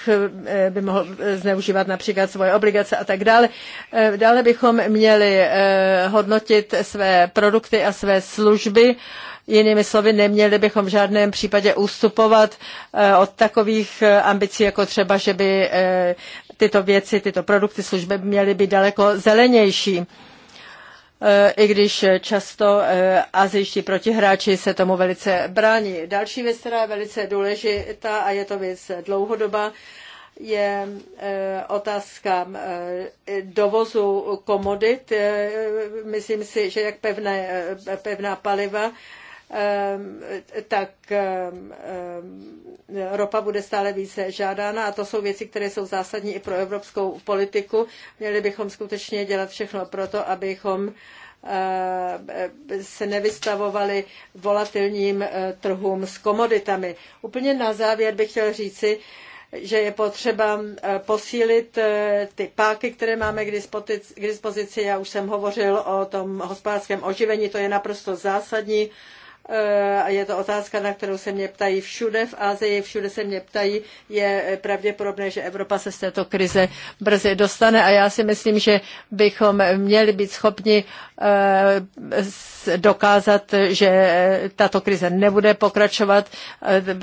B: eh, by mohl zneužívat například svoje obligace a tak dále. Eh, dále bychom měli hodnotit své produkty a své služby. Jinými slovy, neměli bychom v žádném případě ústupovat od takových ambicí, jako třeba, že by tyto věci, tyto produkty, služby měly být daleko zelenější. Eh, i když často eh, azijští protihráči se tomu velice brání. Další věc, která je velice důležitá a je to věc dlouhodoba, je eh, otázka dovozu komodit. Myslím si, že jak pevné, pevná paliva, Ehm, tak ehm, ropa bude stále více žádána a to jsou věci, které jsou zásadní i pro evropskou politiku. Měli bychom skutečně dělat všechno pro to, abychom ehm, se nevystavovali volatilním eh, trhům s komoditami. Úplně na závěr bych chtěl říci, že je potřeba eh, posílit eh, ty páky, které máme k dispozici. Já už jsem hovořil o tom hospodářském oživení, to je naprosto zásadní Eh, je to otázka, na kterou se mě ptají všude v Ázii, všude se mě ptají, je pravděpodobné, že Evropa se z této krize brzy dostane a já si myslím, že bychom měli být schopni eh, dokázat, že tato krize nebude pokračovat. Eh,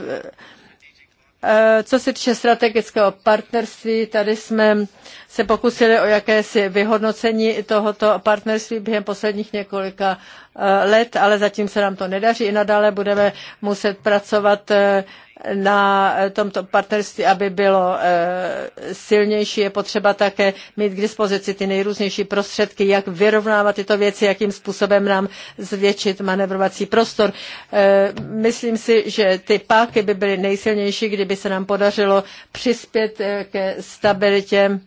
B: co se týče strategického partnerství, tady jsme se pokusili o jakési vyhodnocení tohoto partnerství během posledních několika Eh, let, ale zatím se nám to nedaří. I nadále budeme muset pracovat eh, na tomto partnerství, aby bylo eh, silnější, je potřeba také mít k dispozici ty nejrůznější prostředky, jak vyrovnávat tyto věci, jakým způsobem nám zvětšit manevrovací prostor. Myslím si, že ty páky by byly nejsilnější, kdyby se nám podařilo přispět ke stabilitě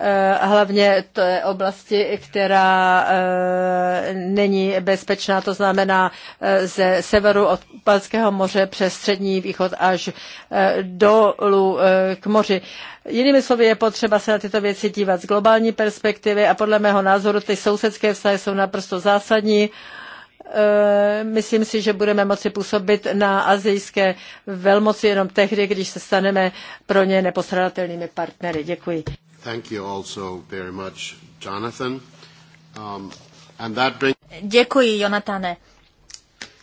B: Eh, hlavně to je oblasti, která eh, není bezpečná, to znamená eh, ze severu od Balského moře přes střední východ až dolů k moři. Jinými slovy je potřeba se na tyto věci dívat z globální perspektivy a podle mého názoru ty sousedské vztahy jsou naprosto zásadní myslím si, že budeme moci působit na azijské velmoci jenom tehdy, když se staneme pro ně nepostradatelnými partnery. Děkuji.
A: Jonathan. Um, Děkuji, Jonatane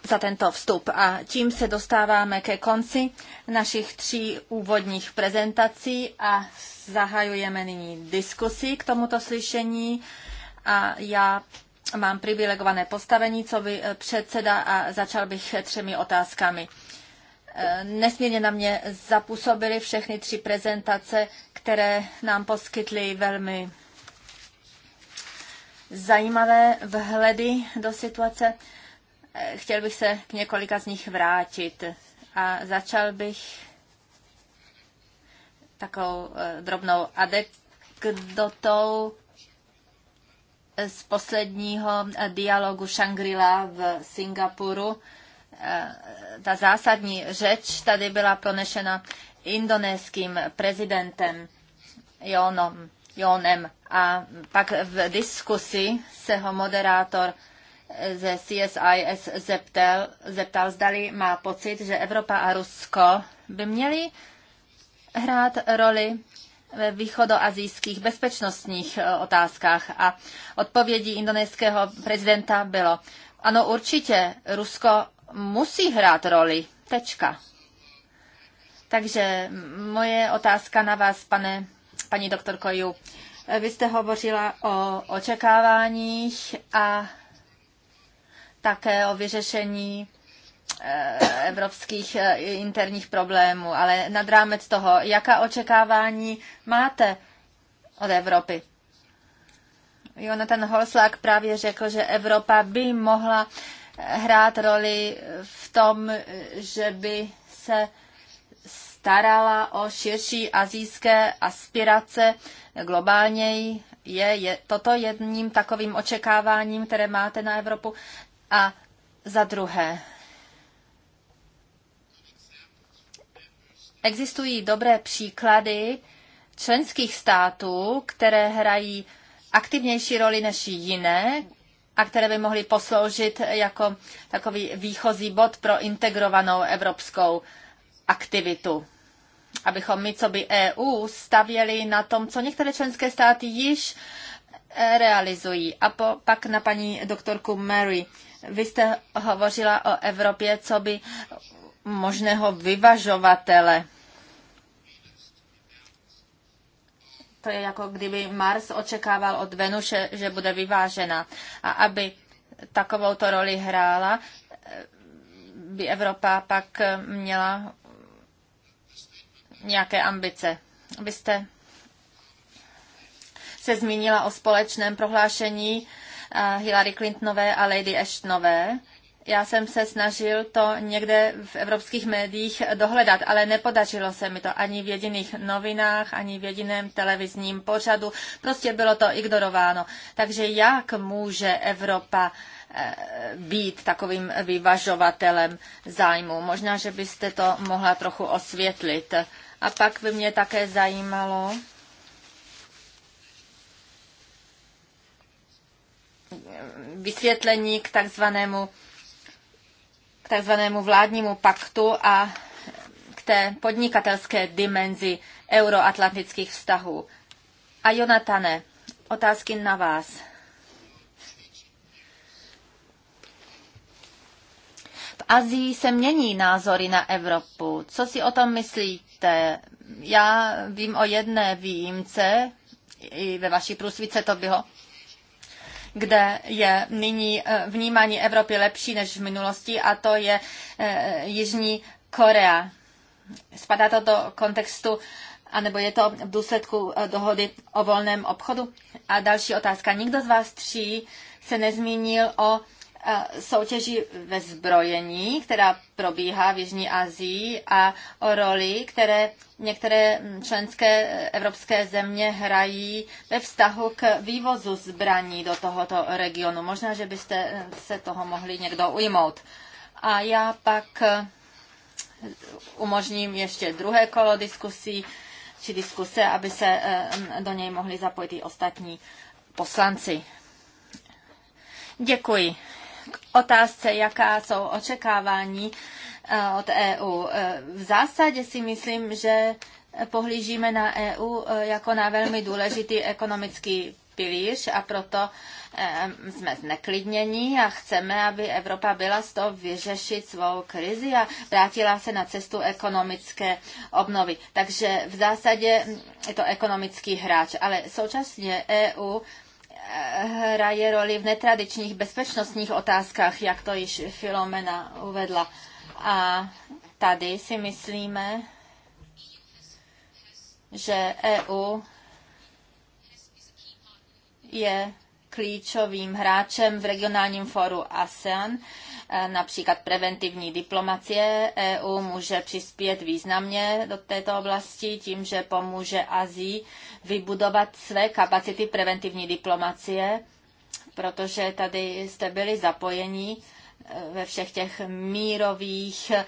A: za tento vstup. A tím se dostáváme ke konci našich tří úvodních prezentací a zahajujeme nyní diskusi k tomuto slyšení. A já mám privilegované postavení, co by eh, předseda a začal bych třemi otázkami. Eh, nesmírně na mě zapůsobily všechny tři prezentace, které nám poskytly velmi zajímavé vhledy do situace. Eh, chtěl bych se k několika z nich vrátit a začal bych takovou eh, drobnou adekdotou z posledního dialogu Shangri-La v Singapuru ta zásadní řeč tady byla pronešena indonéským prezidentem Jonom, Jonem. A pak v diskusi se ho moderátor ze CSIS zeptal, zeptal zdali má pocit, že Evropa a Rusko by měly hrát roli ve východoazijských bezpečnostních e, otázkách. A odpovědí indonéského prezidenta bylo, ano, určitě, Rusko musí hrát roli. Tečka. Takže moje otázka na vás, pane, paní doktorko Ju. Vy jste hovořila o očekáváních a také o vyřešení eh, evropských eh, interních problémů, ale nad rámec toho, jaká očekávání máte od Evropy? Jonathan Holslák právě řekl, že Evropa by mohla hrát roli v tom, že by se starala o širší azijské aspirace globálněji. Je, je toto jedním takovým očekáváním, které máte na Evropu? A za druhé, existují dobré příklady členských států, které hrají aktivnější roli než jiné, a které by mohly posloužit jako takový výchozí bod pro integrovanou evropskou aktivitu. Abychom my, co by EU, stavěli na tom, co některé členské státy již eh, realizují. A po, pak na paní doktorku Mary. Vy jste hovořila o Evropě, co by možného vyvažovatele To je jako kdyby Mars očekával od Venuše, že bude vyvážena. A aby takovouto roli hrála, eh, by Evropa pak eh, měla nějaké ambice. Byste se zmínila o společném prohlášení eh, Hillary Clintonové a Lady Ashtonové já jsem se snažil to někde v evropských médiích dohledat, ale nepodařilo se mi to ani v jediných novinách, ani v jediném televizním pořadu. Prostě bylo to ignorováno. Takže jak může Evropa eh, být takovým vyvažovatelem zájmu? Možná, že byste to mohla trochu osvětlit. A pak by mě také zajímalo, vysvětlení k takzvanému k takzvanému vládnímu paktu a k té podnikatelské dimenzi euroatlantických vztahů. A Jonatane, otázky na vás. V Azii se mění názory na Evropu. Co si o tom myslíte? Já vím o jedné výjimce, i ve vaší průsvice to bylo, kde je nyní eh, vnímání Evropy lepší než v minulosti, a to je eh, Jižní Korea. Spadá to do kontextu anebo je to v důsledku eh, dohody o volném obchodu? A další otázka. Nikdo z vás tří se nezmínil o soutěži ve zbrojení, která probíhá v Jižní Asii a o roli, které některé členské evropské země hrají ve vztahu k vývozu zbraní do tohoto regionu. Možná, že byste se toho mohli někdo ujmout. A já pak eh, umožním ještě druhé kolo diskusí či diskuse, aby se eh, do něj mohli zapojit i ostatní poslanci. Děkuji otázce, jaká jsou očekávání eh, od EU. Eh, v zásadě si myslím, že pohlížíme na EU eh, jako na velmi důležitý ekonomický pilíř a proto jsme zneklidnění a chceme, aby Evropa byla z toho vyřešit svou krizi a vrátila se na cestu ekonomické obnovy. Takže v zásadě je to ekonomický hráč, ale současně EU hraje roli v netradičních bezpečnostních otázkách, jak to již Filomena uvedla. A tady si myslíme, že EU je klíčovým hráčem v regionálním foru ASEAN, eh, například preventivní diplomacie. EU může přispět významně do této oblasti tím, že pomůže Azii vybudovat své kapacity preventivní diplomacie, protože tady jste byli zapojeni eh, ve všech těch mírových eh,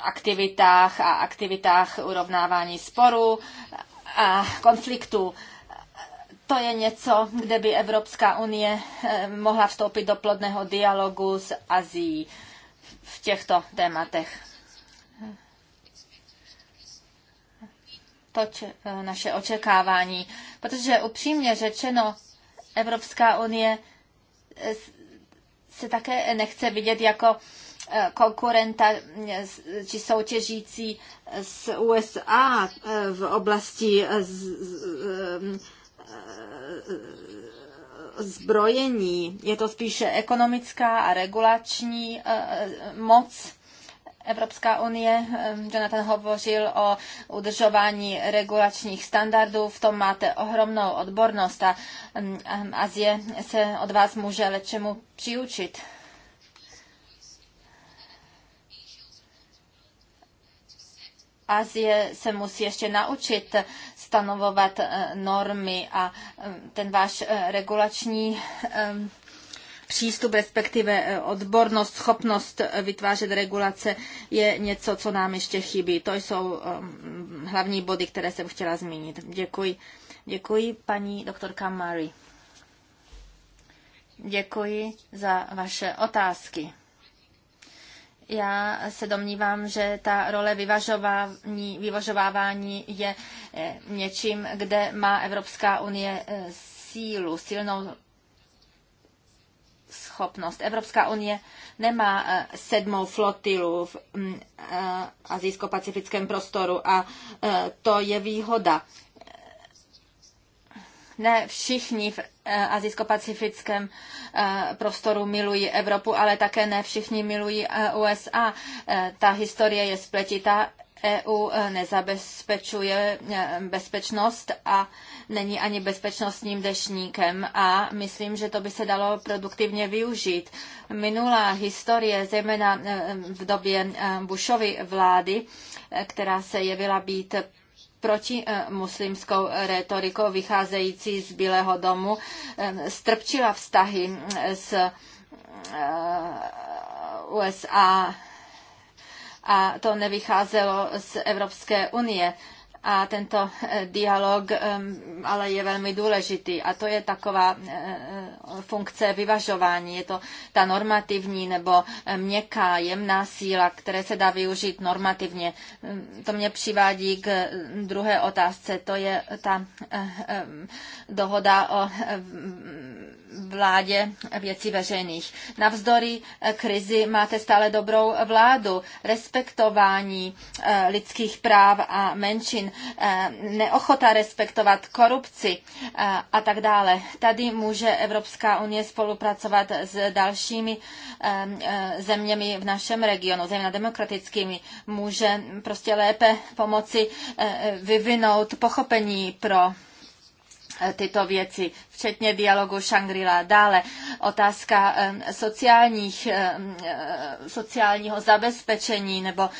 A: aktivitách a aktivitách urovnávání sporů a konfliktů to je něco, kde by Evropská unie eh, mohla vstoupit do plodného dialogu s Azií v těchto tématech. To Toť eh, naše očekávání, protože upřímně řečeno, Evropská unie eh, se také nechce vidět jako konkurenta či soutěžící s USA v oblasti z, z, Eh, zbrojení. Je to spíše ekonomická a regulační eh, moc. Evropská unie, eh, Jonathan hovořil o udržování regulačních standardů, v tom máte ohromnou odbornost a Azie se od vás může lečemu přiučit. Azie se musí ještě naučit stanovovat eh, normy a eh, ten váš eh, regulační přístup, respektive odbornost, schopnost vytvářet regulace je něco, co nám ještě chybí. To jsou hlavní body, které jsem chtěla zmínit. Děkuji. Děkuji paní doktorka Mary. Děkuji za vaše otázky. Já se domnívám, že ta role vyvažování, vyvažovávání je eh, něčím, kde má Evropská unie eh, sílu, silnou schopnost. Evropská unie nemá eh, sedmou flotilu v mm, azijsko-pacifickém prostoru a to je výhoda. Ne všichni v Eh, azijsko-pacifickém eh, prostoru milují Evropu, ale také ne všichni milují eh, USA. Ta historie je spletitá. EU nezabezpečuje bezpečnost a není ani bezpečnostním dešníkem a myslím, že to by se dalo produktivně využít. Minulá historie, zejména v době Bushovy vlády, která se jevila být proti eh, muslimskou retorikou vycházející z Bílého domu eh, strpčila vztahy eh, s USA a to nevycházelo z Evropské unie a tento eh, dialog ehm, ale je velmi důležitý a to je taková eh, eh, funkce vyvažování. Je to ta normativní nebo měkká, jemná síla, které se dá využít normativně. Ehm, to mě přivádí k druhé otázce. To je ta ehm, dohoda o vládě věcí veřejných. Navzdory eh, krizi máte stále dobrou vládu, respektování eh, lidských práv a menšin, eh, neochota respektovat korupci a tak dále. Tady může Evropská unie spolupracovat s dalšími zeměmi v našem regionu, zejména demokratickými. Může prostě lépe pomoci vyvinout pochopení pro tyto věci, včetně dialogu Shangri-La. Dále otázka sociálních, sociálního zabezpečení nebo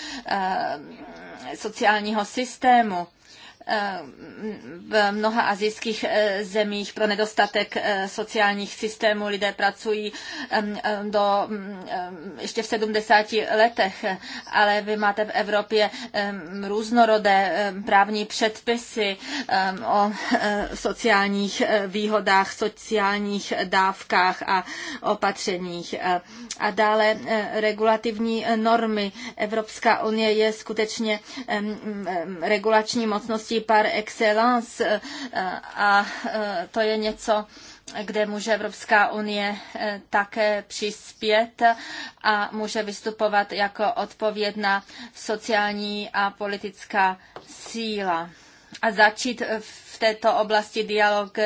A: sociálního systému. Eh, v mnoha azijských eh, zemích pro nedostatek eh, sociálních systémů. Lidé pracují do, mm, ještě v 70 letech, ale vy máte v Evropě různorodé právní předpisy o sociálních výhodách, sociálních dávkách a opatřeních. A dále regulativní normy. Evropská unie je skutečně regulační mocností činností par excellence eh, a eh, to je něco, kde může Evropská unie eh, také přispět a může vystupovat jako odpovědná sociální a politická síla a začít v této oblasti dialog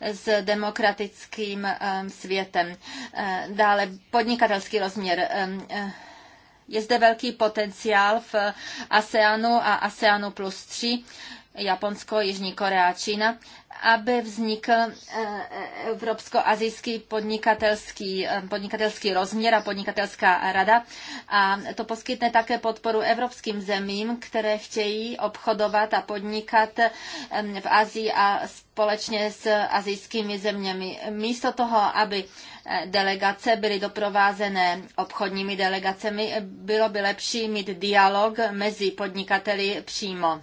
A: s demokratickým světem. Dále podnikatelský rozměr. Je zde velký potenciál v ASEANu a ASEANu plus 3 Japonsko, Jižní Korea Čína, aby vznikl eh, Evropsko-azijský podnikatelský, eh, podnikatelský rozměr a podnikatelská rada. A to poskytne také podporu evropským zemím, které chtějí obchodovat a podnikat v Azii a společně s azijskými zeměmi. Místo toho, aby eh, delegace byly doprovázené obchodními delegacemi, bylo by lepší mít dialog mezi podnikateli přímo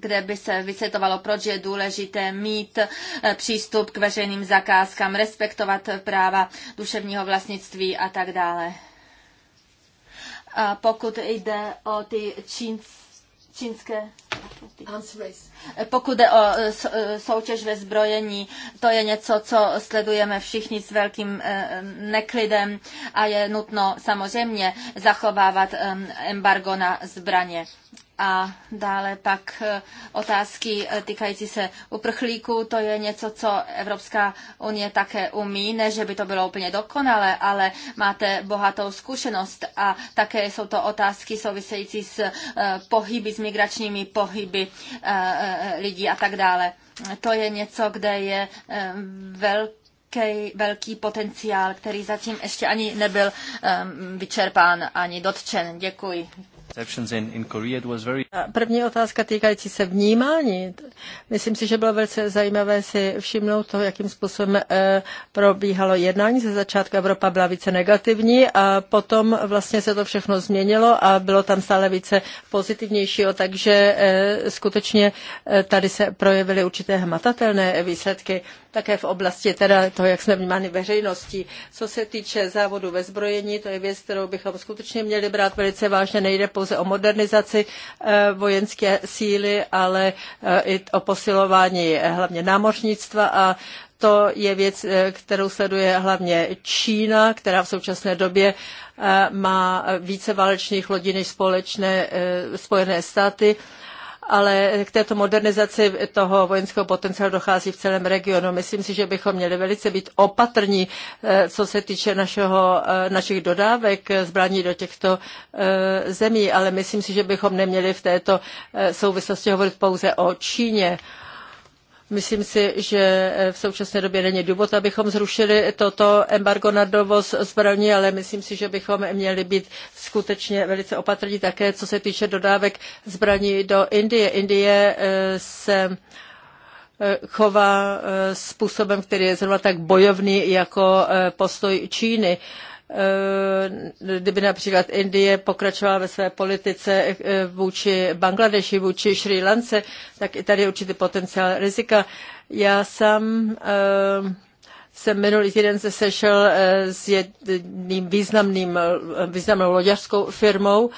A: kde by se vysvětlovalo, proč je důležité mít eh, přístup k veřejným zakázkám, respektovat práva duševního vlastnictví a tak dále. A pokud jde o ty číns, čínské eh, pokud jde o eh, soutěž ve zbrojení, to je něco, co sledujeme všichni s velkým neklidem a je nutno samozřejmě zachovávat embargo na zbraně a dále pak eh, otázky eh, týkající se uprchlíků. To je něco, co Evropská unie také umí, ne, že by to bylo úplně dokonalé, ale máte bohatou zkušenost a také jsou to otázky související s eh, pohyby, s migračními pohyby lidí a tak dále. To je něco, kde je velký velký, potenciál, který zatím ještě ani nebyl vyčerpán ani dotčen. Děkuji.
B: První otázka týkající se vnímání. Myslím si, že bylo velice zajímavé si všimnout toho, jakým způsobem eh, probíhalo jednání. Ze začátku Evropa byla více negativní a potom vlastně se to všechno změnilo a bylo tam stále více pozitivnějšího, takže eh, skutečně eh, tady se projevily určité hmatatelné výsledky také v oblasti teda toho, jak jsme vnímány veřejností. Co se týče závodu ve zbrojení, to je věc, kterou bychom skutečně měli brát velice vážně. Nejde pouze o modernizaci eh, vojenské síly, ale eh, i o posilování eh, hlavně námořnictva a to je věc, kterou sleduje hlavně Čína, která v současné době má více válečných lodí než společné Spojené státy ale k této modernizaci toho vojenského potenciálu dochází v celém regionu. Myslím si, že bychom měli velice být opatrní, eh, co se týče našeho, eh, našich dodávek eh, zbraní do těchto zemí, ale myslím si, že bychom neměli v této souvislosti hovořit pouze o Číně. Myslím si, že eh, v současné době není důvod, abychom zrušili toto embargo na dovoz zbraní, ale myslím si, že bychom měli být skutečně velice opatrní také, co se týče dodávek zbraní do Indie. Indie eh, se eh, chová způsobem, který je zrovna tak bojovný jako postoj Číny. Eh, kdyby například Indie pokračovala ve své politice eh, vůči Bangladeši, vůči Sri Lance, tak i tady je určitý potenciál rizika. Já sám eh, jsem minulý týden se sešel s jedním významným, významnou loďařskou firmou,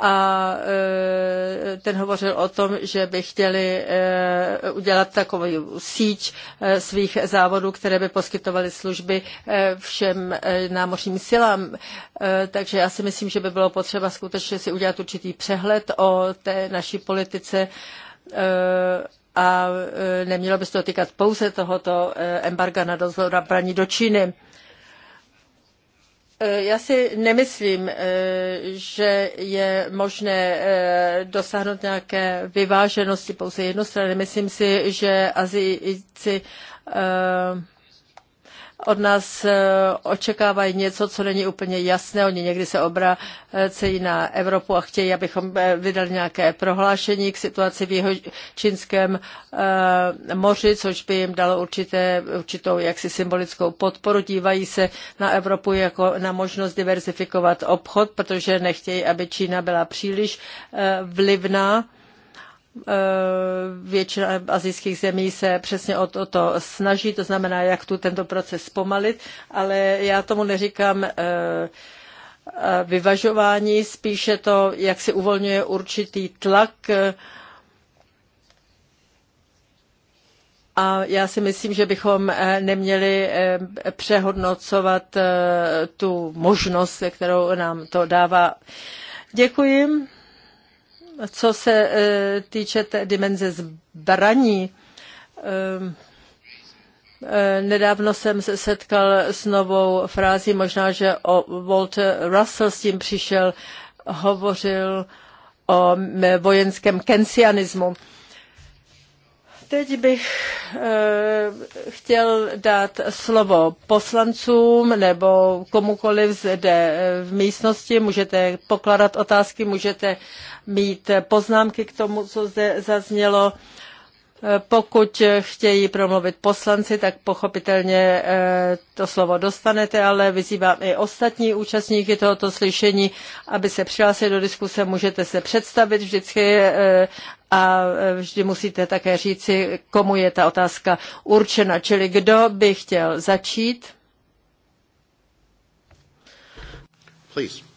B: a e, ten hovořil o tom, že by chtěli e, udělat takovou síť e, svých závodů, které by poskytovaly služby všem námořním silám. Takže já si myslím, že by bylo potřeba skutečně si udělat určitý přehled o té naší politice a nemělo by se to týkat pouze tohoto embarga na dozor a braní do Číny. Eh, já si nemyslím, eh, že je možné eh, dosáhnout nějaké vyváženosti pouze jednostranné. Myslím si, že Azijci od nás eh, očekávají něco, co není úplně jasné. Oni někdy se obracejí na Evropu a chtějí, abychom eh, vydali nějaké prohlášení k situaci v jeho čínském eh, moři, což by jim dalo určité, určitou jaksi symbolickou podporu. Dívají se na Evropu jako na možnost diverzifikovat obchod, protože nechtějí, aby Čína byla příliš vlivná Eh, většina azijských zemí se přesně o to, o to snaží, to znamená, jak tu tento proces zpomalit, ale já tomu neříkám eh, eh, vyvažování, spíše to, jak se uvolňuje určitý tlak. A já si myslím, že bychom neměli přehodnocovat tu možnost, kterou nám to dává. Děkuji. Co se e, týče té dimenze zbraní, e, e, Nedávno jsem se setkal s novou frází, možná, že o Walter Russell s tím přišel, hovořil o vojenském kensianismu. Teď bych eh, chtěl dát slovo poslancům nebo komukoliv zde eh, v místnosti. Můžete pokládat otázky, můžete mít poznámky k tomu, co zde zaznělo. E, pokud chtějí promluvit poslanci, tak pochopitelně eh, to slovo dostanete, ale vyzývám i ostatní účastníky tohoto slyšení, aby se přihlásili do diskuse. Můžete se představit vždycky eh, a vždy musíte také říci, komu je ta otázka určena, čili kdo by chtěl začít. Please.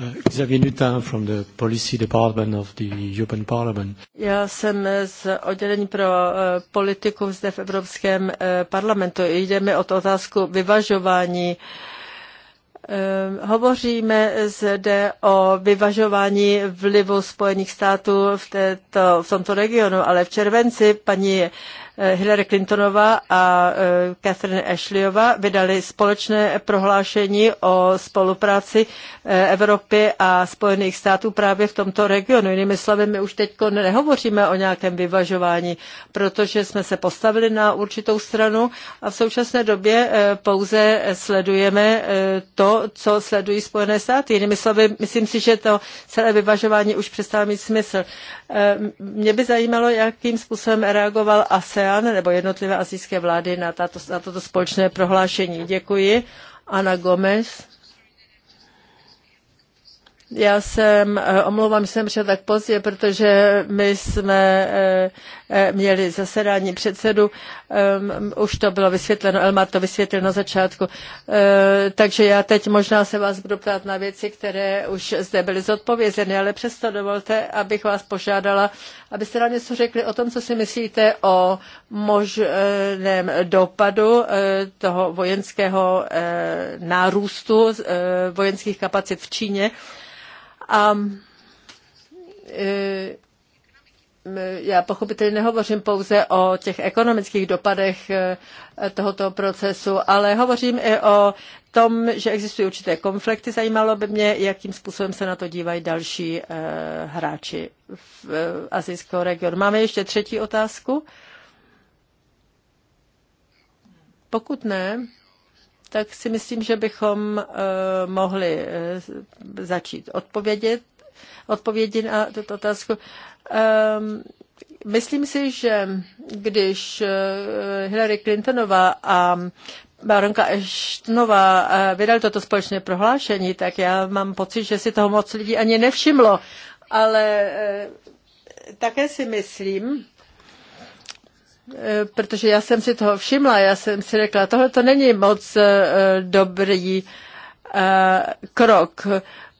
B: Uh, Xavier Nutin from the Policy Department of the European Parliament. Já jsem z oddělení pro uh, politiku zde v Evropském uh, parlamentu. Jdeme o to otázku vyvažování Hovoříme zde o vyvažování vlivu Spojených států v, této, v tomto regionu, ale v červenci paní Eh, Hillary Clintonová a eh, Catherine Ashleyová vydali společné prohlášení o spolupráci eh, Evropy a Spojených států právě v tomto regionu. Jinými slovy, my už teď nehovoříme o nějakém vyvažování, protože jsme se postavili na určitou stranu a v současné době pouze sledujeme to, co sledují Spojené státy. Jinými slovy, myslím si, že to celé vyvažování už přestává mít smysl. Mě by zajímalo, jakým způsobem reagoval ASEAN ASEAN nebo jednotlivé asijské vlády na, tato, na toto společné prohlášení. Děkuji. Ana Gomez. Já jsem, eh, omlouvám, že jsem přišel tak pozdě, protože my jsme eh, eh, měli zasedání předsedu, už to bylo vysvětleno, Elmar to vysvětlil na začátku, takže já teď možná se vás budu ptát na věci, které už zde byly zodpovězeny, ale přesto dovolte, abych vás požádala, abyste nám něco řekli o tom, co si myslíte o možném dopadu toho vojenského nárůstu vojenských kapacit v Číně, a e, já pochopitelně nehovořím pouze o těch ekonomických dopadech e, tohoto procesu, ale hovořím i o tom, že existují určité konflikty. Zajímalo by mě, jakým způsobem se na to dívají další e, hráči v azijského regionu. Máme ještě třetí otázku? Pokud ne, tak si myslím, že bychom eh, mohli eh, začít odpovědět, odpovědět na tuto otázku. Ehm, myslím si, že když eh, Hillary Clintonová a baronka Eštnová vydali toto společné prohlášení, tak já mám pocit, že si toho moc lidí ani nevšimlo. Ale také si myslím, Eh, protože já jsem si toho všimla, já jsem si řekla, tohle to není moc eh, dobrý eh, krok,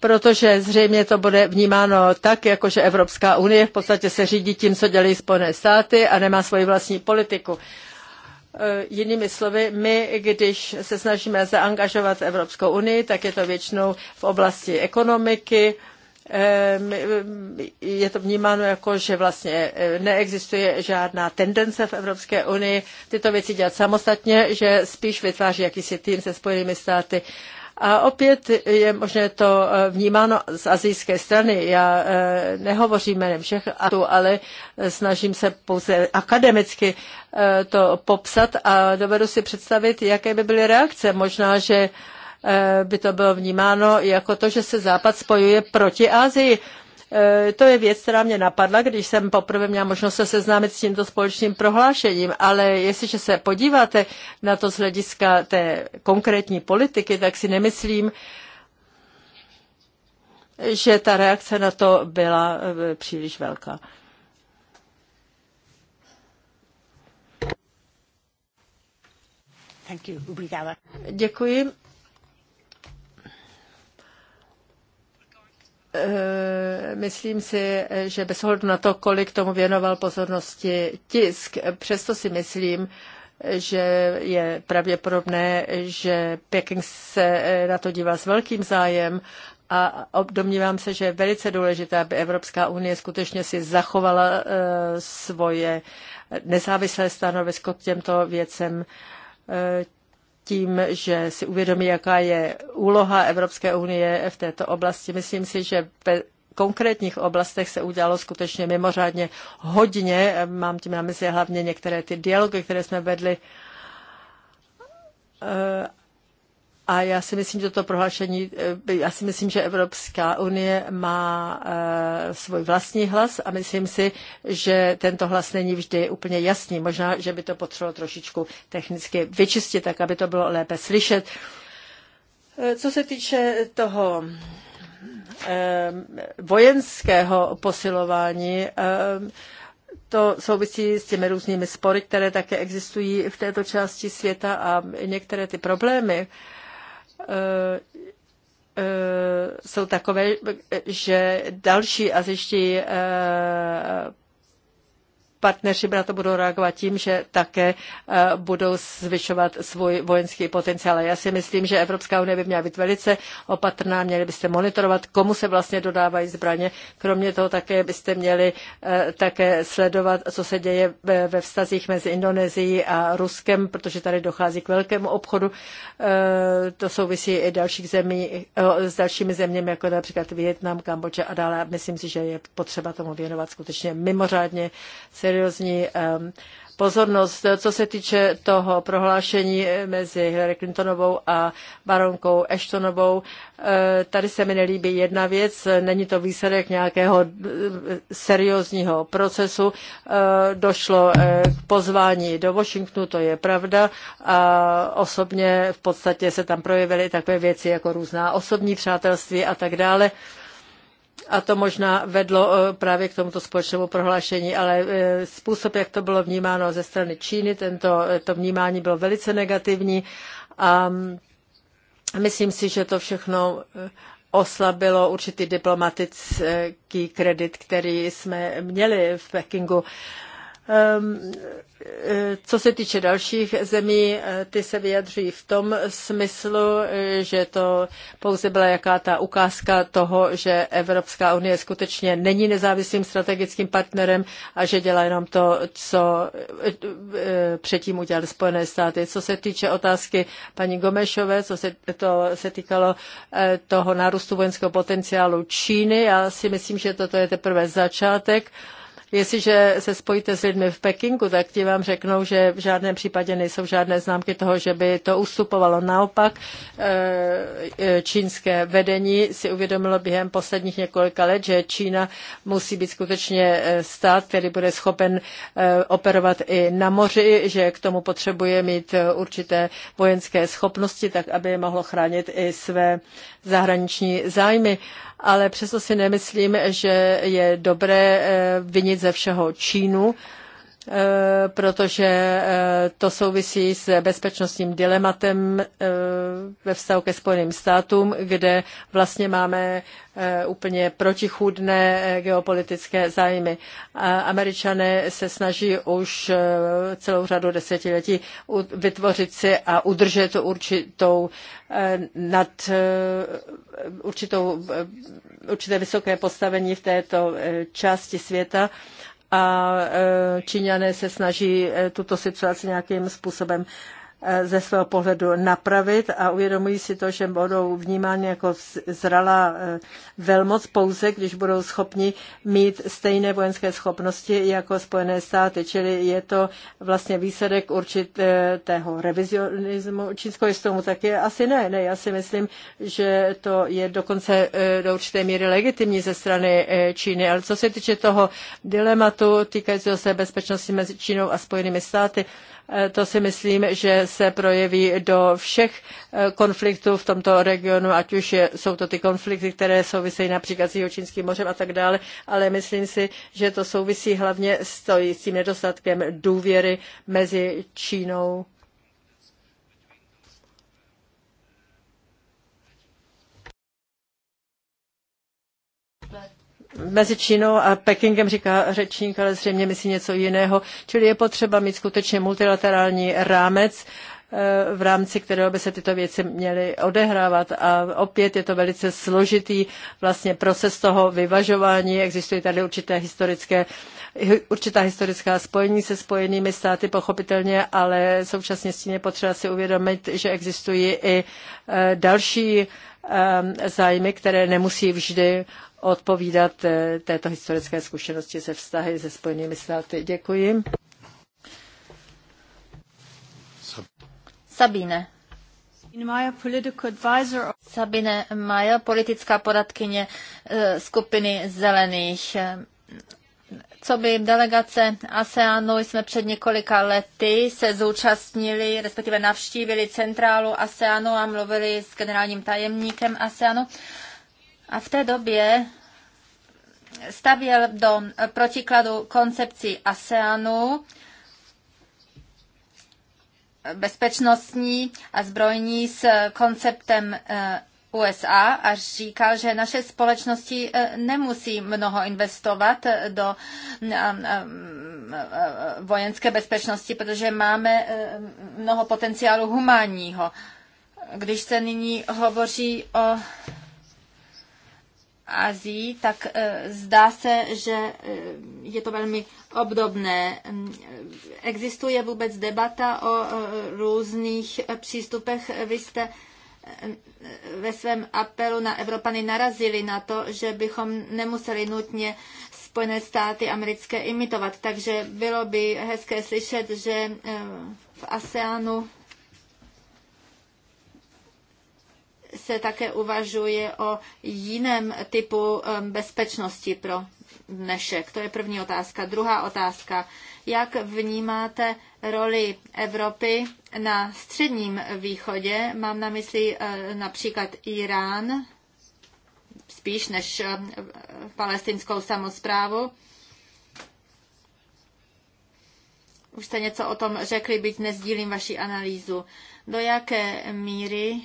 B: protože zřejmě to bude vnímáno tak, jako že Evropská unie v podstatě se řídí tím, co dělají Spojené státy a nemá svoji vlastní politiku. Jinými slovy, my, když se snažíme zaangažovat Evropskou unii, tak je to většinou v oblasti ekonomiky, Eh, je to vnímáno jako, že vlastně eh, neexistuje žádná tendence v Evropské unii tyto věci dělat samostatně, že spíš vytváří jakýsi tým se Spojenými státy. A opět je možné to eh, vnímáno z azijské strany. Já nehovořím jménem všech atů, ale snažím se pouze akademicky to popsat a dovedu si představit, jaké by byly reakce. Možná, že Eh, by to bylo vnímáno jako to, že se Západ spojuje proti Asii. Eh, to je věc, která mě napadla, když jsem poprvé měla možnost se seznámit s tímto společným prohlášením, ale jestliže se podíváte na to z hlediska té konkrétní politiky, tak si nemyslím, že ta reakce na to byla eh, příliš velká. Děkuji. Eh, myslím si, že bez ohledu na to, kolik tomu věnoval pozornosti tisk, přesto si myslím, že je pravděpodobné, že Peking se eh, na to díval s velkým zájem a domnívám se, že je velice důležité, aby Evropská unie skutečně si zachovala eh, svoje nezávislé stanovisko k těmto věcem tím, že si uvědomí, jaká je úloha Evropské unie v této oblasti. Myslím si, že ve konkrétních oblastech se udělalo skutečně mimořádně hodně. Mám tím na mysli hlavně některé ty dialogy, které jsme vedli eh, a já si myslím, že to prohlášení, eh, já si myslím, že Evropská unie má eh, svůj vlastní hlas a myslím si, že tento hlas není vždy úplně jasný. Možná, že by to potřebovalo trošičku technicky vyčistit, tak aby to bylo lépe slyšet. Eh, co se týče toho vojenského posilování, to souvisí s těmi různými spory, které také existují v této části světa a některé ty problémy, Eh, eh, jsou takové, že další azijští eh, partneři na to budou reagovat tím, že také eh, budou zvyšovat svůj vojenský potenciál. Já si myslím, že Evropská unie by měla být velice opatrná, měli byste monitorovat, komu se vlastně dodávají zbraně. Kromě toho také byste měli eh, také sledovat, co se děje ve vztazích mezi Indonésií a Ruskem, protože tady dochází k velkému obchodu. Eh, to souvisí i dalších zemí, s dalšími zeměmi, jako například Vietnam, Kambodža a dále. Myslím si, že je potřeba tomu věnovat skutečně mimořádně se seriózní pozornost, co se týče toho prohlášení mezi Hillary Clintonovou a baronkou Ashtonovou. Eh, tady se mi nelíbí jedna věc, není to výsledek nějakého eh, seriózního procesu. Eh, došlo k pozvání do Washingtonu, to je pravda, a osobně v podstatě se tam projevily takové věci jako různá osobní přátelství a tak dále a to možná vedlo eh, právě k tomuto společnému prohlášení, ale eh, způsob, jak to bylo vnímáno ze strany Číny, tento, eh, to vnímání bylo velice negativní a mm, myslím si, že to všechno oslabilo určitý diplomatický kredit, který jsme měli v Pekingu. Ehm, eh, co se týče dalších zemí, eh, ty se vyjadřují v tom smyslu, eh, že to pouze byla jaká ta ukázka toho, že Evropská unie skutečně není nezávislým strategickým partnerem a že dělá jenom to, co předtím udělali Spojené státy. Co se týče otázky paní Gomešové, co se, to se týkalo toho nárůstu vojenského potenciálu Číny, já si myslím, že toto je teprve začátek. Jestliže se spojíte s lidmi v Pekingu, tak ti vám řeknou, že v žádném případě nejsou žádné známky toho, že by to ustupovalo. Naopak eh, eh, čínské vedení si uvědomilo během posledních několika let, že Čína musí být skutečně eh, stát, který bude schopen operovat i na moři, že k tomu potřebuje mít určité vojenské schopnosti, tak aby mohlo chránit i své zahraniční zájmy ale přesto si nemyslím, že je dobré eh, vinit ze všeho Čínu Eh, protože eh, to souvisí s bezpečnostním dilematem eh, ve vztahu ke Spojeným státům, kde vlastně máme úplně protichůdné geopolitické zájmy. Američané se snaží už celou řadu desetiletí vytvořit si a udržet určitou nad určitou, určité vysoké postavení v této části světa a e, Číňané se snaží e, tuto situaci nějakým způsobem Eh, ze svého pohledu napravit a uvědomují si to, že budou vnímáni jako zralá eh, velmoc pouze, když budou schopni mít stejné vojenské schopnosti jako Spojené státy. Čili je to vlastně výsledek určitého revizionismu. Čínsko je tomu taky asi ne. Ne, já si myslím, že to je dokonce eh, do určité míry legitimní ze strany Číny. Ale co se týče toho dilematu týkajícího se bezpečnosti mezi Čínou a Spojenými státy, Eh, to si myslím, že se projeví do všech eh, konfliktů v tomto regionu, ať už jsou to ty konflikty, které souvisejí například s Jihočínským mořem a tak dále, ale myslím si, že to souvisí hlavně s tím nedostatkem důvěry mezi Čínou mezi Čínou a Pekingem, říká řečník, ale zřejmě myslí něco jiného. Čili je potřeba mít skutečně multilaterální rámec, eh, v rámci kterého by se tyto věci měly odehrávat. A opět je to velice složitý vlastně proces toho vyvažování. Existují tady určité historické určitá historická spojení se spojenými státy pochopitelně, ale současně s tím je potřeba si uvědomit, že existují i eh, další eh, zájmy, které nemusí vždy odpovídat eh, této historické zkušenosti se vztahy se Spojenými státy. Děkuji.
A: Sabine. Sabine Maja, politická poradkyně eh, skupiny zelených. Co by delegace ASEANu jsme před několika lety se zúčastnili, respektive navštívili centrálu ASEANu a mluvili s generálním tajemníkem ASEANu a v té době stavěl do protikladu koncepci ASEANu bezpečnostní a zbrojní s konceptem eh, USA a říkal, že naše společnosti eh, nemusí mnoho investovat do eh, vojenské bezpečnosti, protože máme mnoho potenciálu humánního. Když se nyní hovoří o Azii, tak eh, zdá se, že eh, je to velmi obdobné. Eh, existuje vůbec debata o různých přístupech. Vy jste ve svém apelu na Evropany narazili na to, že bychom nemuseli nutně Spojené státy americké imitovat. Takže bylo by hezké slyšet, že v ASEANu se také uvažuje o jiném typu bezpečnosti pro dnešek? To je první otázka. Druhá otázka. Jak vnímáte roli Evropy na středním východě? Mám na mysli eh, například Irán, spíš než eh, palestinskou samozprávu. Už jste něco o tom řekli, byť nezdílím vaši analýzu. Do jaké míry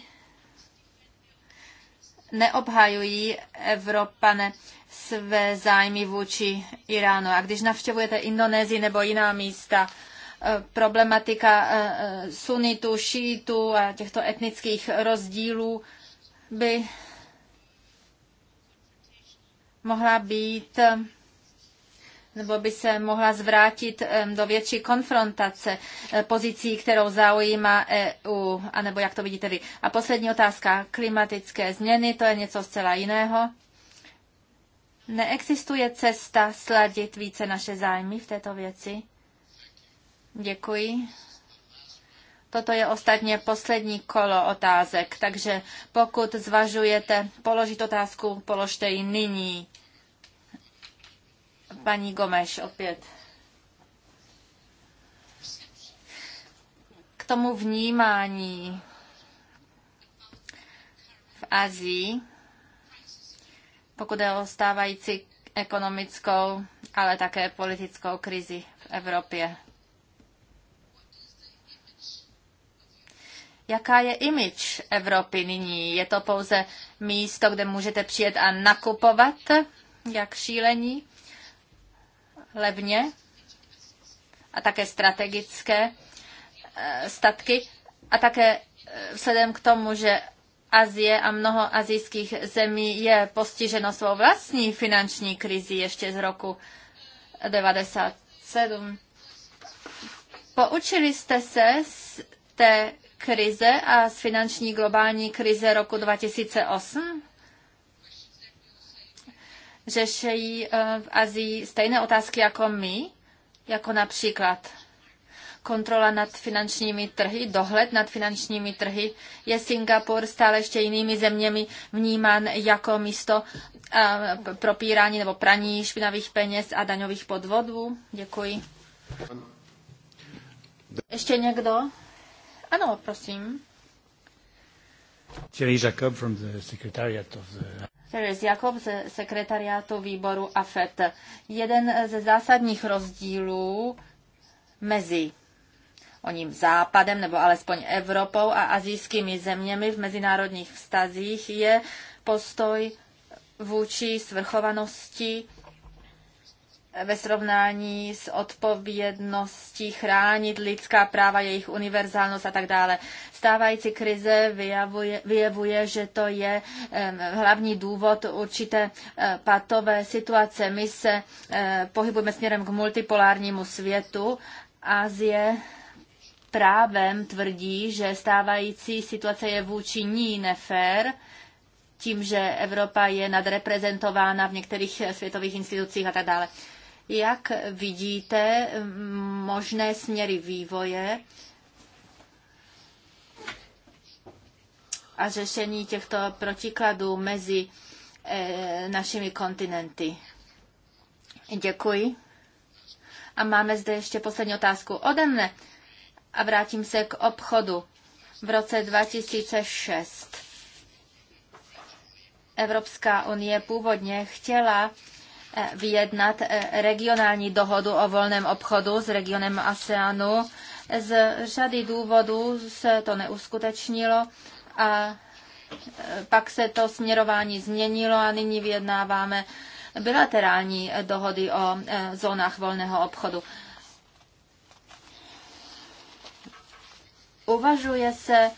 A: neobhajují Evropané své zájmy vůči Iránu. A když navštěvujete Indonésii nebo jiná místa, eh, problematika eh, eh, sunitu, šítu a těchto etnických rozdílů by mohla být nebo by se mohla zvrátit do větší konfrontace eh, pozicí, kterou zaujíma EU, anebo jak to vidíte vy. A poslední otázka, klimatické změny, to je něco zcela jiného. Neexistuje cesta sladit více naše zájmy v této věci? Děkuji. Toto je ostatně poslední kolo otázek, takže pokud zvažujete položit otázku, položte ji nyní. Paní Gomeš opět. K tomu vnímání v Azii, pokud je o stávající ekonomickou, ale také politickou krizi v Evropě. Jaká je imič Evropy nyní? Je to pouze místo, kde můžete přijet a nakupovat, jak šílení? levně a také strategické eh, statky a také eh, vzhledem k tomu, že Azie a mnoho azijských zemí je postiženo svou vlastní finanční krizi ještě z roku 1997. Poučili jste se z té krize a z finanční globální krize roku 2008? řešejí eh, v Azii stejné otázky jako my, jako například kontrola nad finančními trhy, dohled nad finančními trhy. Je Singapur stále ještě jinými zeměmi vnímán jako místo eh, propírání nebo praní špinavých peněz a daňových podvodů? Děkuji. Ještě někdo? Ano, prosím. Thierry Jacob from the Secretariat of the Teres Jakob ze sekretariátu výboru AFET. Jeden ze zásadních rozdílů mezi oním západem nebo alespoň Evropou a azijskými zeměmi v mezinárodních vztazích je postoj vůči svrchovanosti ve srovnání s odpovědností chránit lidská práva, jejich univerzálnost a tak dále stávající krize vyjavuje, vyjevuje, že to je hlavní důvod určité eh, patové situace. My se eh, pohybujeme směrem k multipolárnímu světu. Azie právem tvrdí, že stávající situace je vůči ní nefér, tím, že Evropa je nadreprezentována v některých eh, světových institucích a tak dále. Jak vidíte mm, možné směry vývoje a řešení těchto protikladů mezi eh, našimi kontinenty. Děkuji. A máme zde ještě poslední otázku ode mne a vrátím se k obchodu. V roce 2006 Evropská unie původně chtěla eh, vyjednat eh, regionální dohodu o volném obchodu s regionem ASEANu. Z řady důvodů se to neuskutečnilo a e, pak se to směrování změnilo a nyní vyjednáváme bilaterální dohody o e, zónách volného obchodu. Uvažuje se e,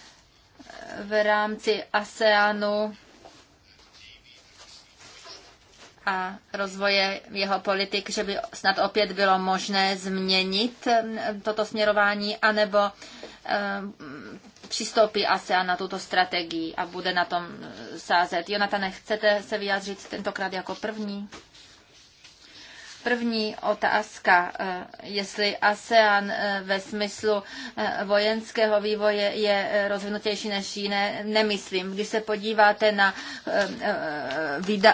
A: v rámci ASEANu a rozvoje jeho politik, že by snad opět bylo možné změnit toto směrování, anebo přistoupí ASEAN na tuto strategii a bude na tom sázet. Jonatane, chcete se vyjádřit tentokrát jako první? První otázka, eh, jestli ASEAN eh, ve smyslu eh, vojenského vývoje je rozvinutější než jiné, nemyslím. Když se podíváte na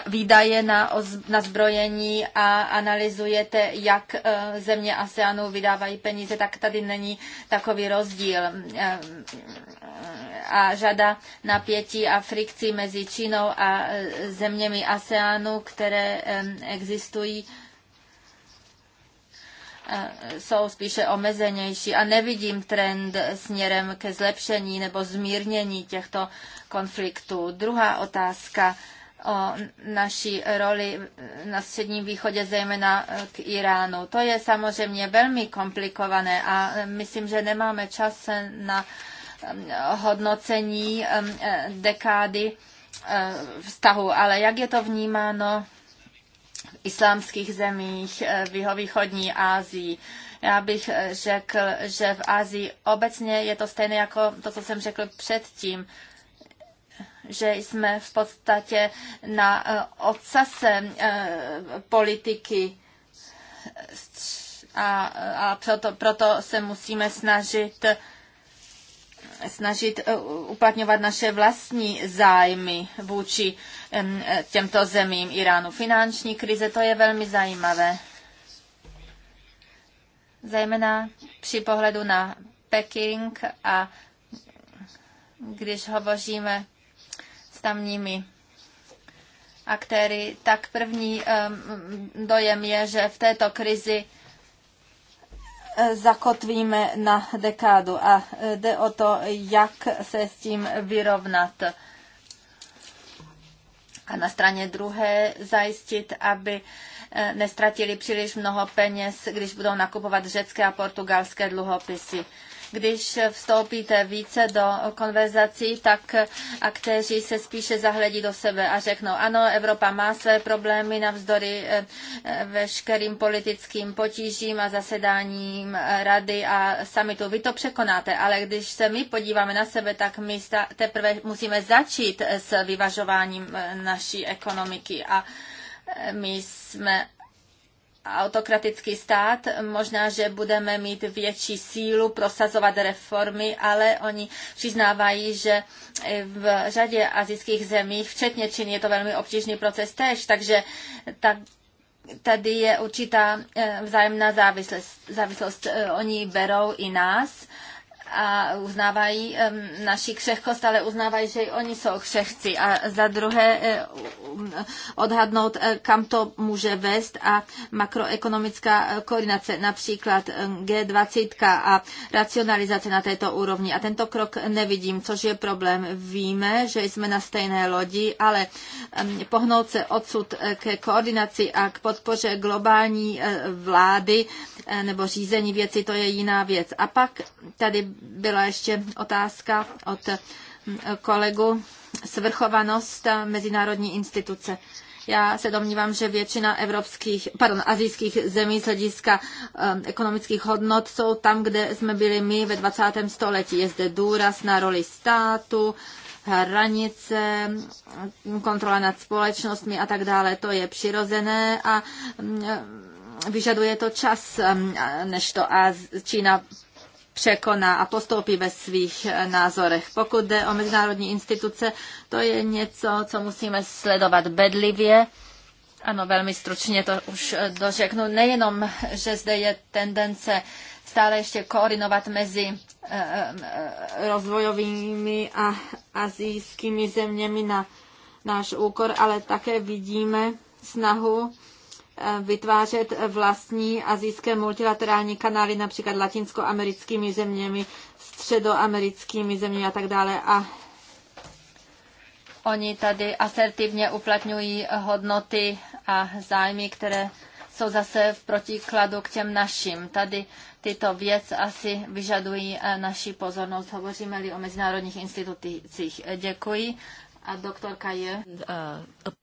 A: výdaje na, zbrojení a analyzujete, jak země ASEANu vydávají peníze, tak tady není takový rozdíl. A řada napětí a frikcí mezi Čínou a zeměmi ASEANu, které existují, Eh, jsou spíše omezenější a nevidím trend směrem ke zlepšení nebo zmírnění těchto konfliktů. Druhá otázka o naší roli na Středním východě, zejména eh, k Iránu. To je samozřejmě velmi komplikované a eh, myslím, že nemáme čas na hodnocení dekády vztahu, ale jak je to vnímáno islámských zemích eh, v jihovýchodní Ázii. Já bych eh, řekl, že v Asii obecně je to stejné jako to, co jsem řekl předtím že jsme v podstatě na eh, odsase politiky a, a proto, proto se musíme snažit snažit uplatňovat naše vlastní zájmy vůči Eh, těmto zemím Iránu. Finanční krize, to je velmi zajímavé. Zejména při pohledu na Peking a když hovoříme s tamními aktéry, tak první dojem je, že v této krizi eh, zakotvíme na dekádu a eh, jde o to, jak se s tím vyrovnat a na straně druhé zajistit, aby eh, nestratili příliš mnoho peněz, když budou nakupovat řecké a portugalské dluhopisy. Když vstoupíte více do konverzací, tak aktéři se spíše zahledí do sebe a řeknou, ano, Evropa má své problémy navzdory eh, eh, veškerým politickým potížím a zasedáním eh, rady a samitu. Vy to překonáte, ale když se my podíváme na sebe, tak my teprve musíme začít s vyvažováním naší ekonomiky a my jsme autokratický stát, možná, že budeme mít větší sílu prosazovat reformy, ale oni přiznávají, že v řadě azijských zemí, včetně Číny, je to velmi obtížný proces tež, takže ta, tady je určitá eh, vzájemná závislost. závislost. Eh, oni berou i nás, a uznávají naši křehkost, ale uznávají, že i oni jsou křehci. A za druhé e, um, odhadnout, e, kam to může vést a makroekonomická e, koordinace, například G20 a racionalizace na této úrovni. A tento krok nevidím, což je problém. Víme, že jsme na stejné lodi, ale pohnout se odsud ke koordinaci a k podpoře globální vlády nebo řízení věci, to je jiná věc. A pak tady byla ještě otázka od kolegu svrchovanost mezinárodní instituce. Já se domnívám, že většina evropských, pardon, azijských zemí z hlediska um, ekonomických hodnot jsou tam, kde jsme byli my ve 20. století. Je zde důraz na roli státu, hranice, kontrola nad společnostmi a tak dále. To je přirozené a um, vyžaduje to čas, um, než to a Čína překoná a postoupí ve svých eh, názorech. Pokud jde o mezinárodní instituce, to je něco, co musíme sledovat bedlivě. Ano, velmi stručně to už eh, dořeknu. Nejenom, že zde je tendence stále ještě koordinovat mezi eh, rozvojovými a azijskými zeměmi na náš úkor, ale také vidíme snahu vytvářet vlastní azijské multilaterální kanály, například latinskoamerickými zeměmi, středoamerickými zeměmi a tak dále. A oni tady asertivně uplatňují hodnoty a zájmy, které jsou zase v protikladu k těm našim. Tady tyto věc asi vyžadují eh, naši pozornost. Hovoříme-li o mezinárodních institucích. Děkuji. A doktorka je?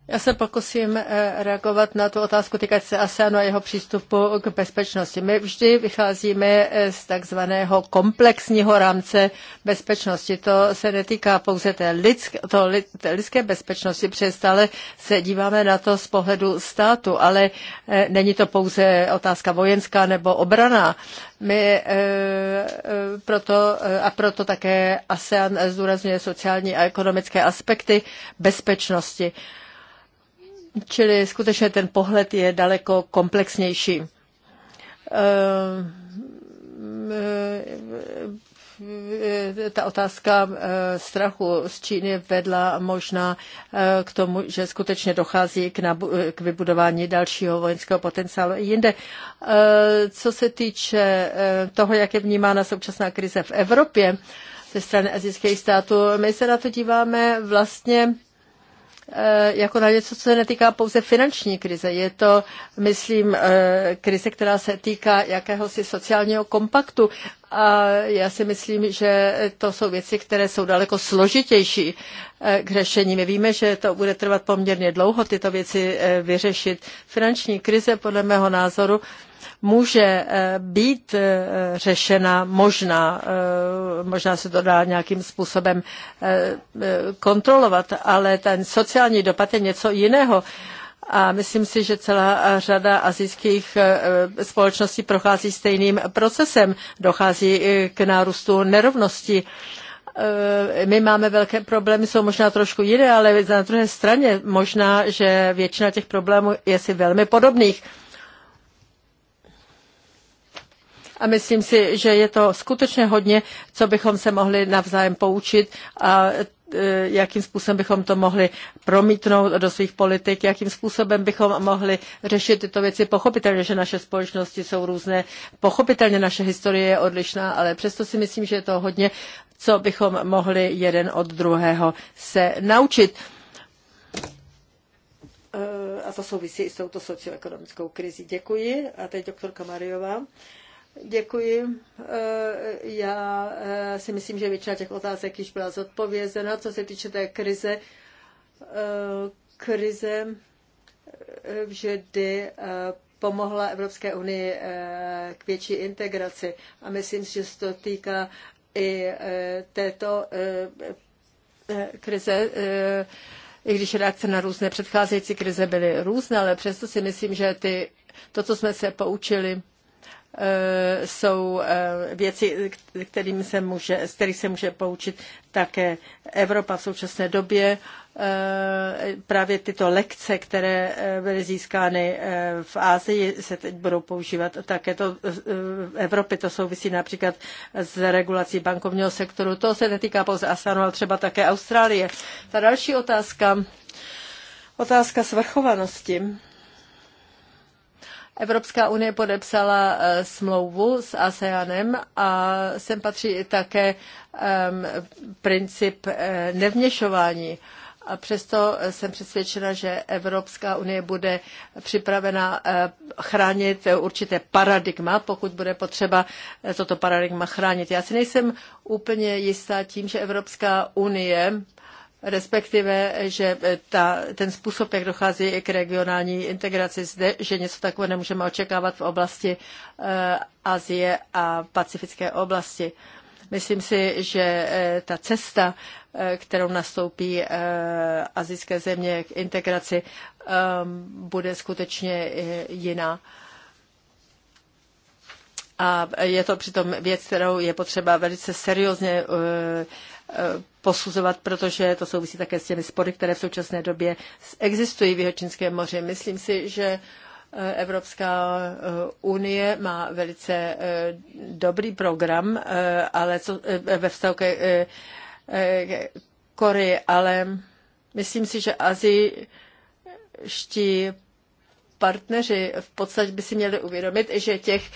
B: Já se pokusím eh, reagovat na tu otázku týkající se ASEANu a jeho přístupu k bezpečnosti. My vždy vycházíme eh, z takzvaného komplexního rámce bezpečnosti. To se netýká pouze té lidské, to, té lidské bezpečnosti, protože stále se díváme na to z pohledu státu, ale eh, není to pouze otázka vojenská nebo obraná. My proto, a proto také ASEAN zdůrazňuje sociální a ekonomické aspekty aspekty bezpečnosti. Čili skutečně ten pohled je daleko komplexnější. Ehm, ehm, ehm, ta otázka eh, strachu z Číny vedla možná eh, k tomu, že skutečně dochází k, nabu- k vybudování dalšího vojenského potenciálu i jinde. Eh, co se týče toho, jak je vnímána současná krize v Evropě, ze strany azijských států. My se na to díváme vlastně eh, jako na něco, co se netýká pouze finanční krize. Je to, myslím, eh, krize, která se týká jakéhosi sociálního kompaktu. A já si myslím, že to jsou věci, které jsou daleko složitější eh, k řešení. My víme, že to bude trvat poměrně dlouho tyto věci vyřešit. Finanční krize, podle mého názoru, může eh, být eh, řešena, možná, eh, možná se to dá nějakým způsobem kontrolovat, ale ten sociální dopad je něco jiného. A myslím si, že celá řada azijských společností prochází stejným procesem. Dochází k nárůstu nerovnosti my máme velké problémy, jsou možná trošku jiné, ale na druhé straně možná, že většina těch problémů je si velmi podobných. a myslím si, že je to skutečně hodně, co bychom se mohli navzájem poučit a e, jakým způsobem bychom to mohli promítnout do svých politik, jakým způsobem bychom mohli řešit tyto věci. Pochopitelně, že naše společnosti jsou různé, pochopitelně naše historie je odlišná, ale přesto si myslím, že je to hodně, co bychom mohli jeden od druhého se naučit. E, a to souvisí i s touto socioekonomickou krizí. Děkuji. A teď doktorka Mariová. Děkuji. Eh, já eh, si myslím, že většina těch otázek již byla zodpovězena. Co se týče té krize, eh, krize vždy pomohla Evropské unii k větší integraci a myslím, že se to týká i této krize, i když reakce na různé předcházející krize byly různé, ale přesto si myslím, že ty, to, co jsme se poučili Eh, jsou eh, věci, kterým se může, z kterých se může poučit také Evropa v současné době. Eh, právě tyto lekce, které byly získány v Ázii, se teď budou používat také to v Evropě. To souvisí například s regulací bankovního sektoru. To se netýká pouze Asanu, ale třeba také Austrálie. Ta další otázka, otázka svrchovanosti. Evropská unie podepsala eh, smlouvu s ASEANem a sem patří také princip eh, nevněšování. A přesto jsem přesvědčena, že Evropská unie bude připravena eh, chránit určité paradigma, pokud bude potřeba toto paradigma chránit. Já si nejsem úplně jistá tím, že Evropská unie respektive, že ta, ten způsob, jak dochází k regionální integraci zde, že něco takové nemůžeme očekávat v oblasti eh, Asie a pacifické oblasti. Myslím si, že eh, ta cesta, eh, kterou nastoupí azijské země k integraci, bude skutečně jiná. A je to přitom věc, kterou je potřeba velice seriózně posuzovat, protože to souvisí také s těmi spory, které v současné době existují v Jihočínském moři. Myslím si, že eh, Evropská eh, unie má velice eh, dobrý program, ale co, ve vztahu ke Koreji, ale myslím si, že azijští partneři v podstatě by si měli uvědomit, že těch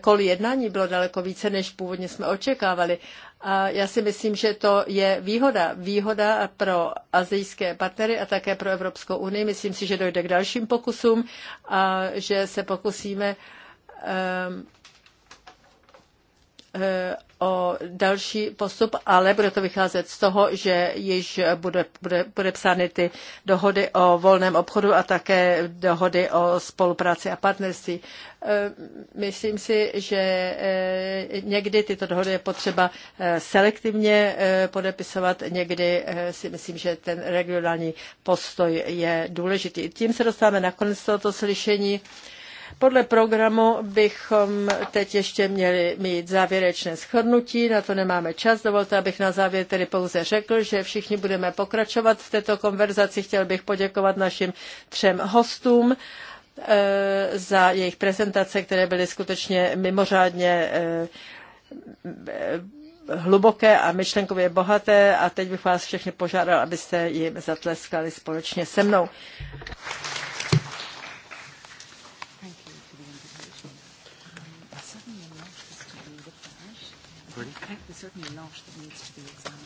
B: kol jednání bylo daleko více, než původně jsme očekávali. A já si myslím, že to je výhoda. Výhoda pro azijské partnery a také pro Evropskou unii. Myslím si, že dojde k dalším pokusům a že se pokusíme ehm, o další postup, ale bude to vycházet z toho, že již bude, bude, bude psány ty dohody o volném obchodu a také dohody o spolupráci a partnerství. E, myslím si, že e, někdy tyto dohody je potřeba e, selektivně podepisovat, někdy si myslím, že ten regionální postoj je důležitý. Tím se dostáváme na konec tohoto slyšení. Podle programu bychom teď ještě měli mít závěrečné shodnutí, na to nemáme čas. Dovolte, abych na závěr tedy pouze řekl, že všichni budeme pokračovat v této konverzaci. Chtěl bych poděkovat našim třem hostům eh, za jejich prezentace, které byly skutečně mimořádně eh, hluboké a myšlenkově bohaté a teď bych vás všechny požádal, abyste jim zatleskali společně se mnou.
A: certain a lot that needs to be examined.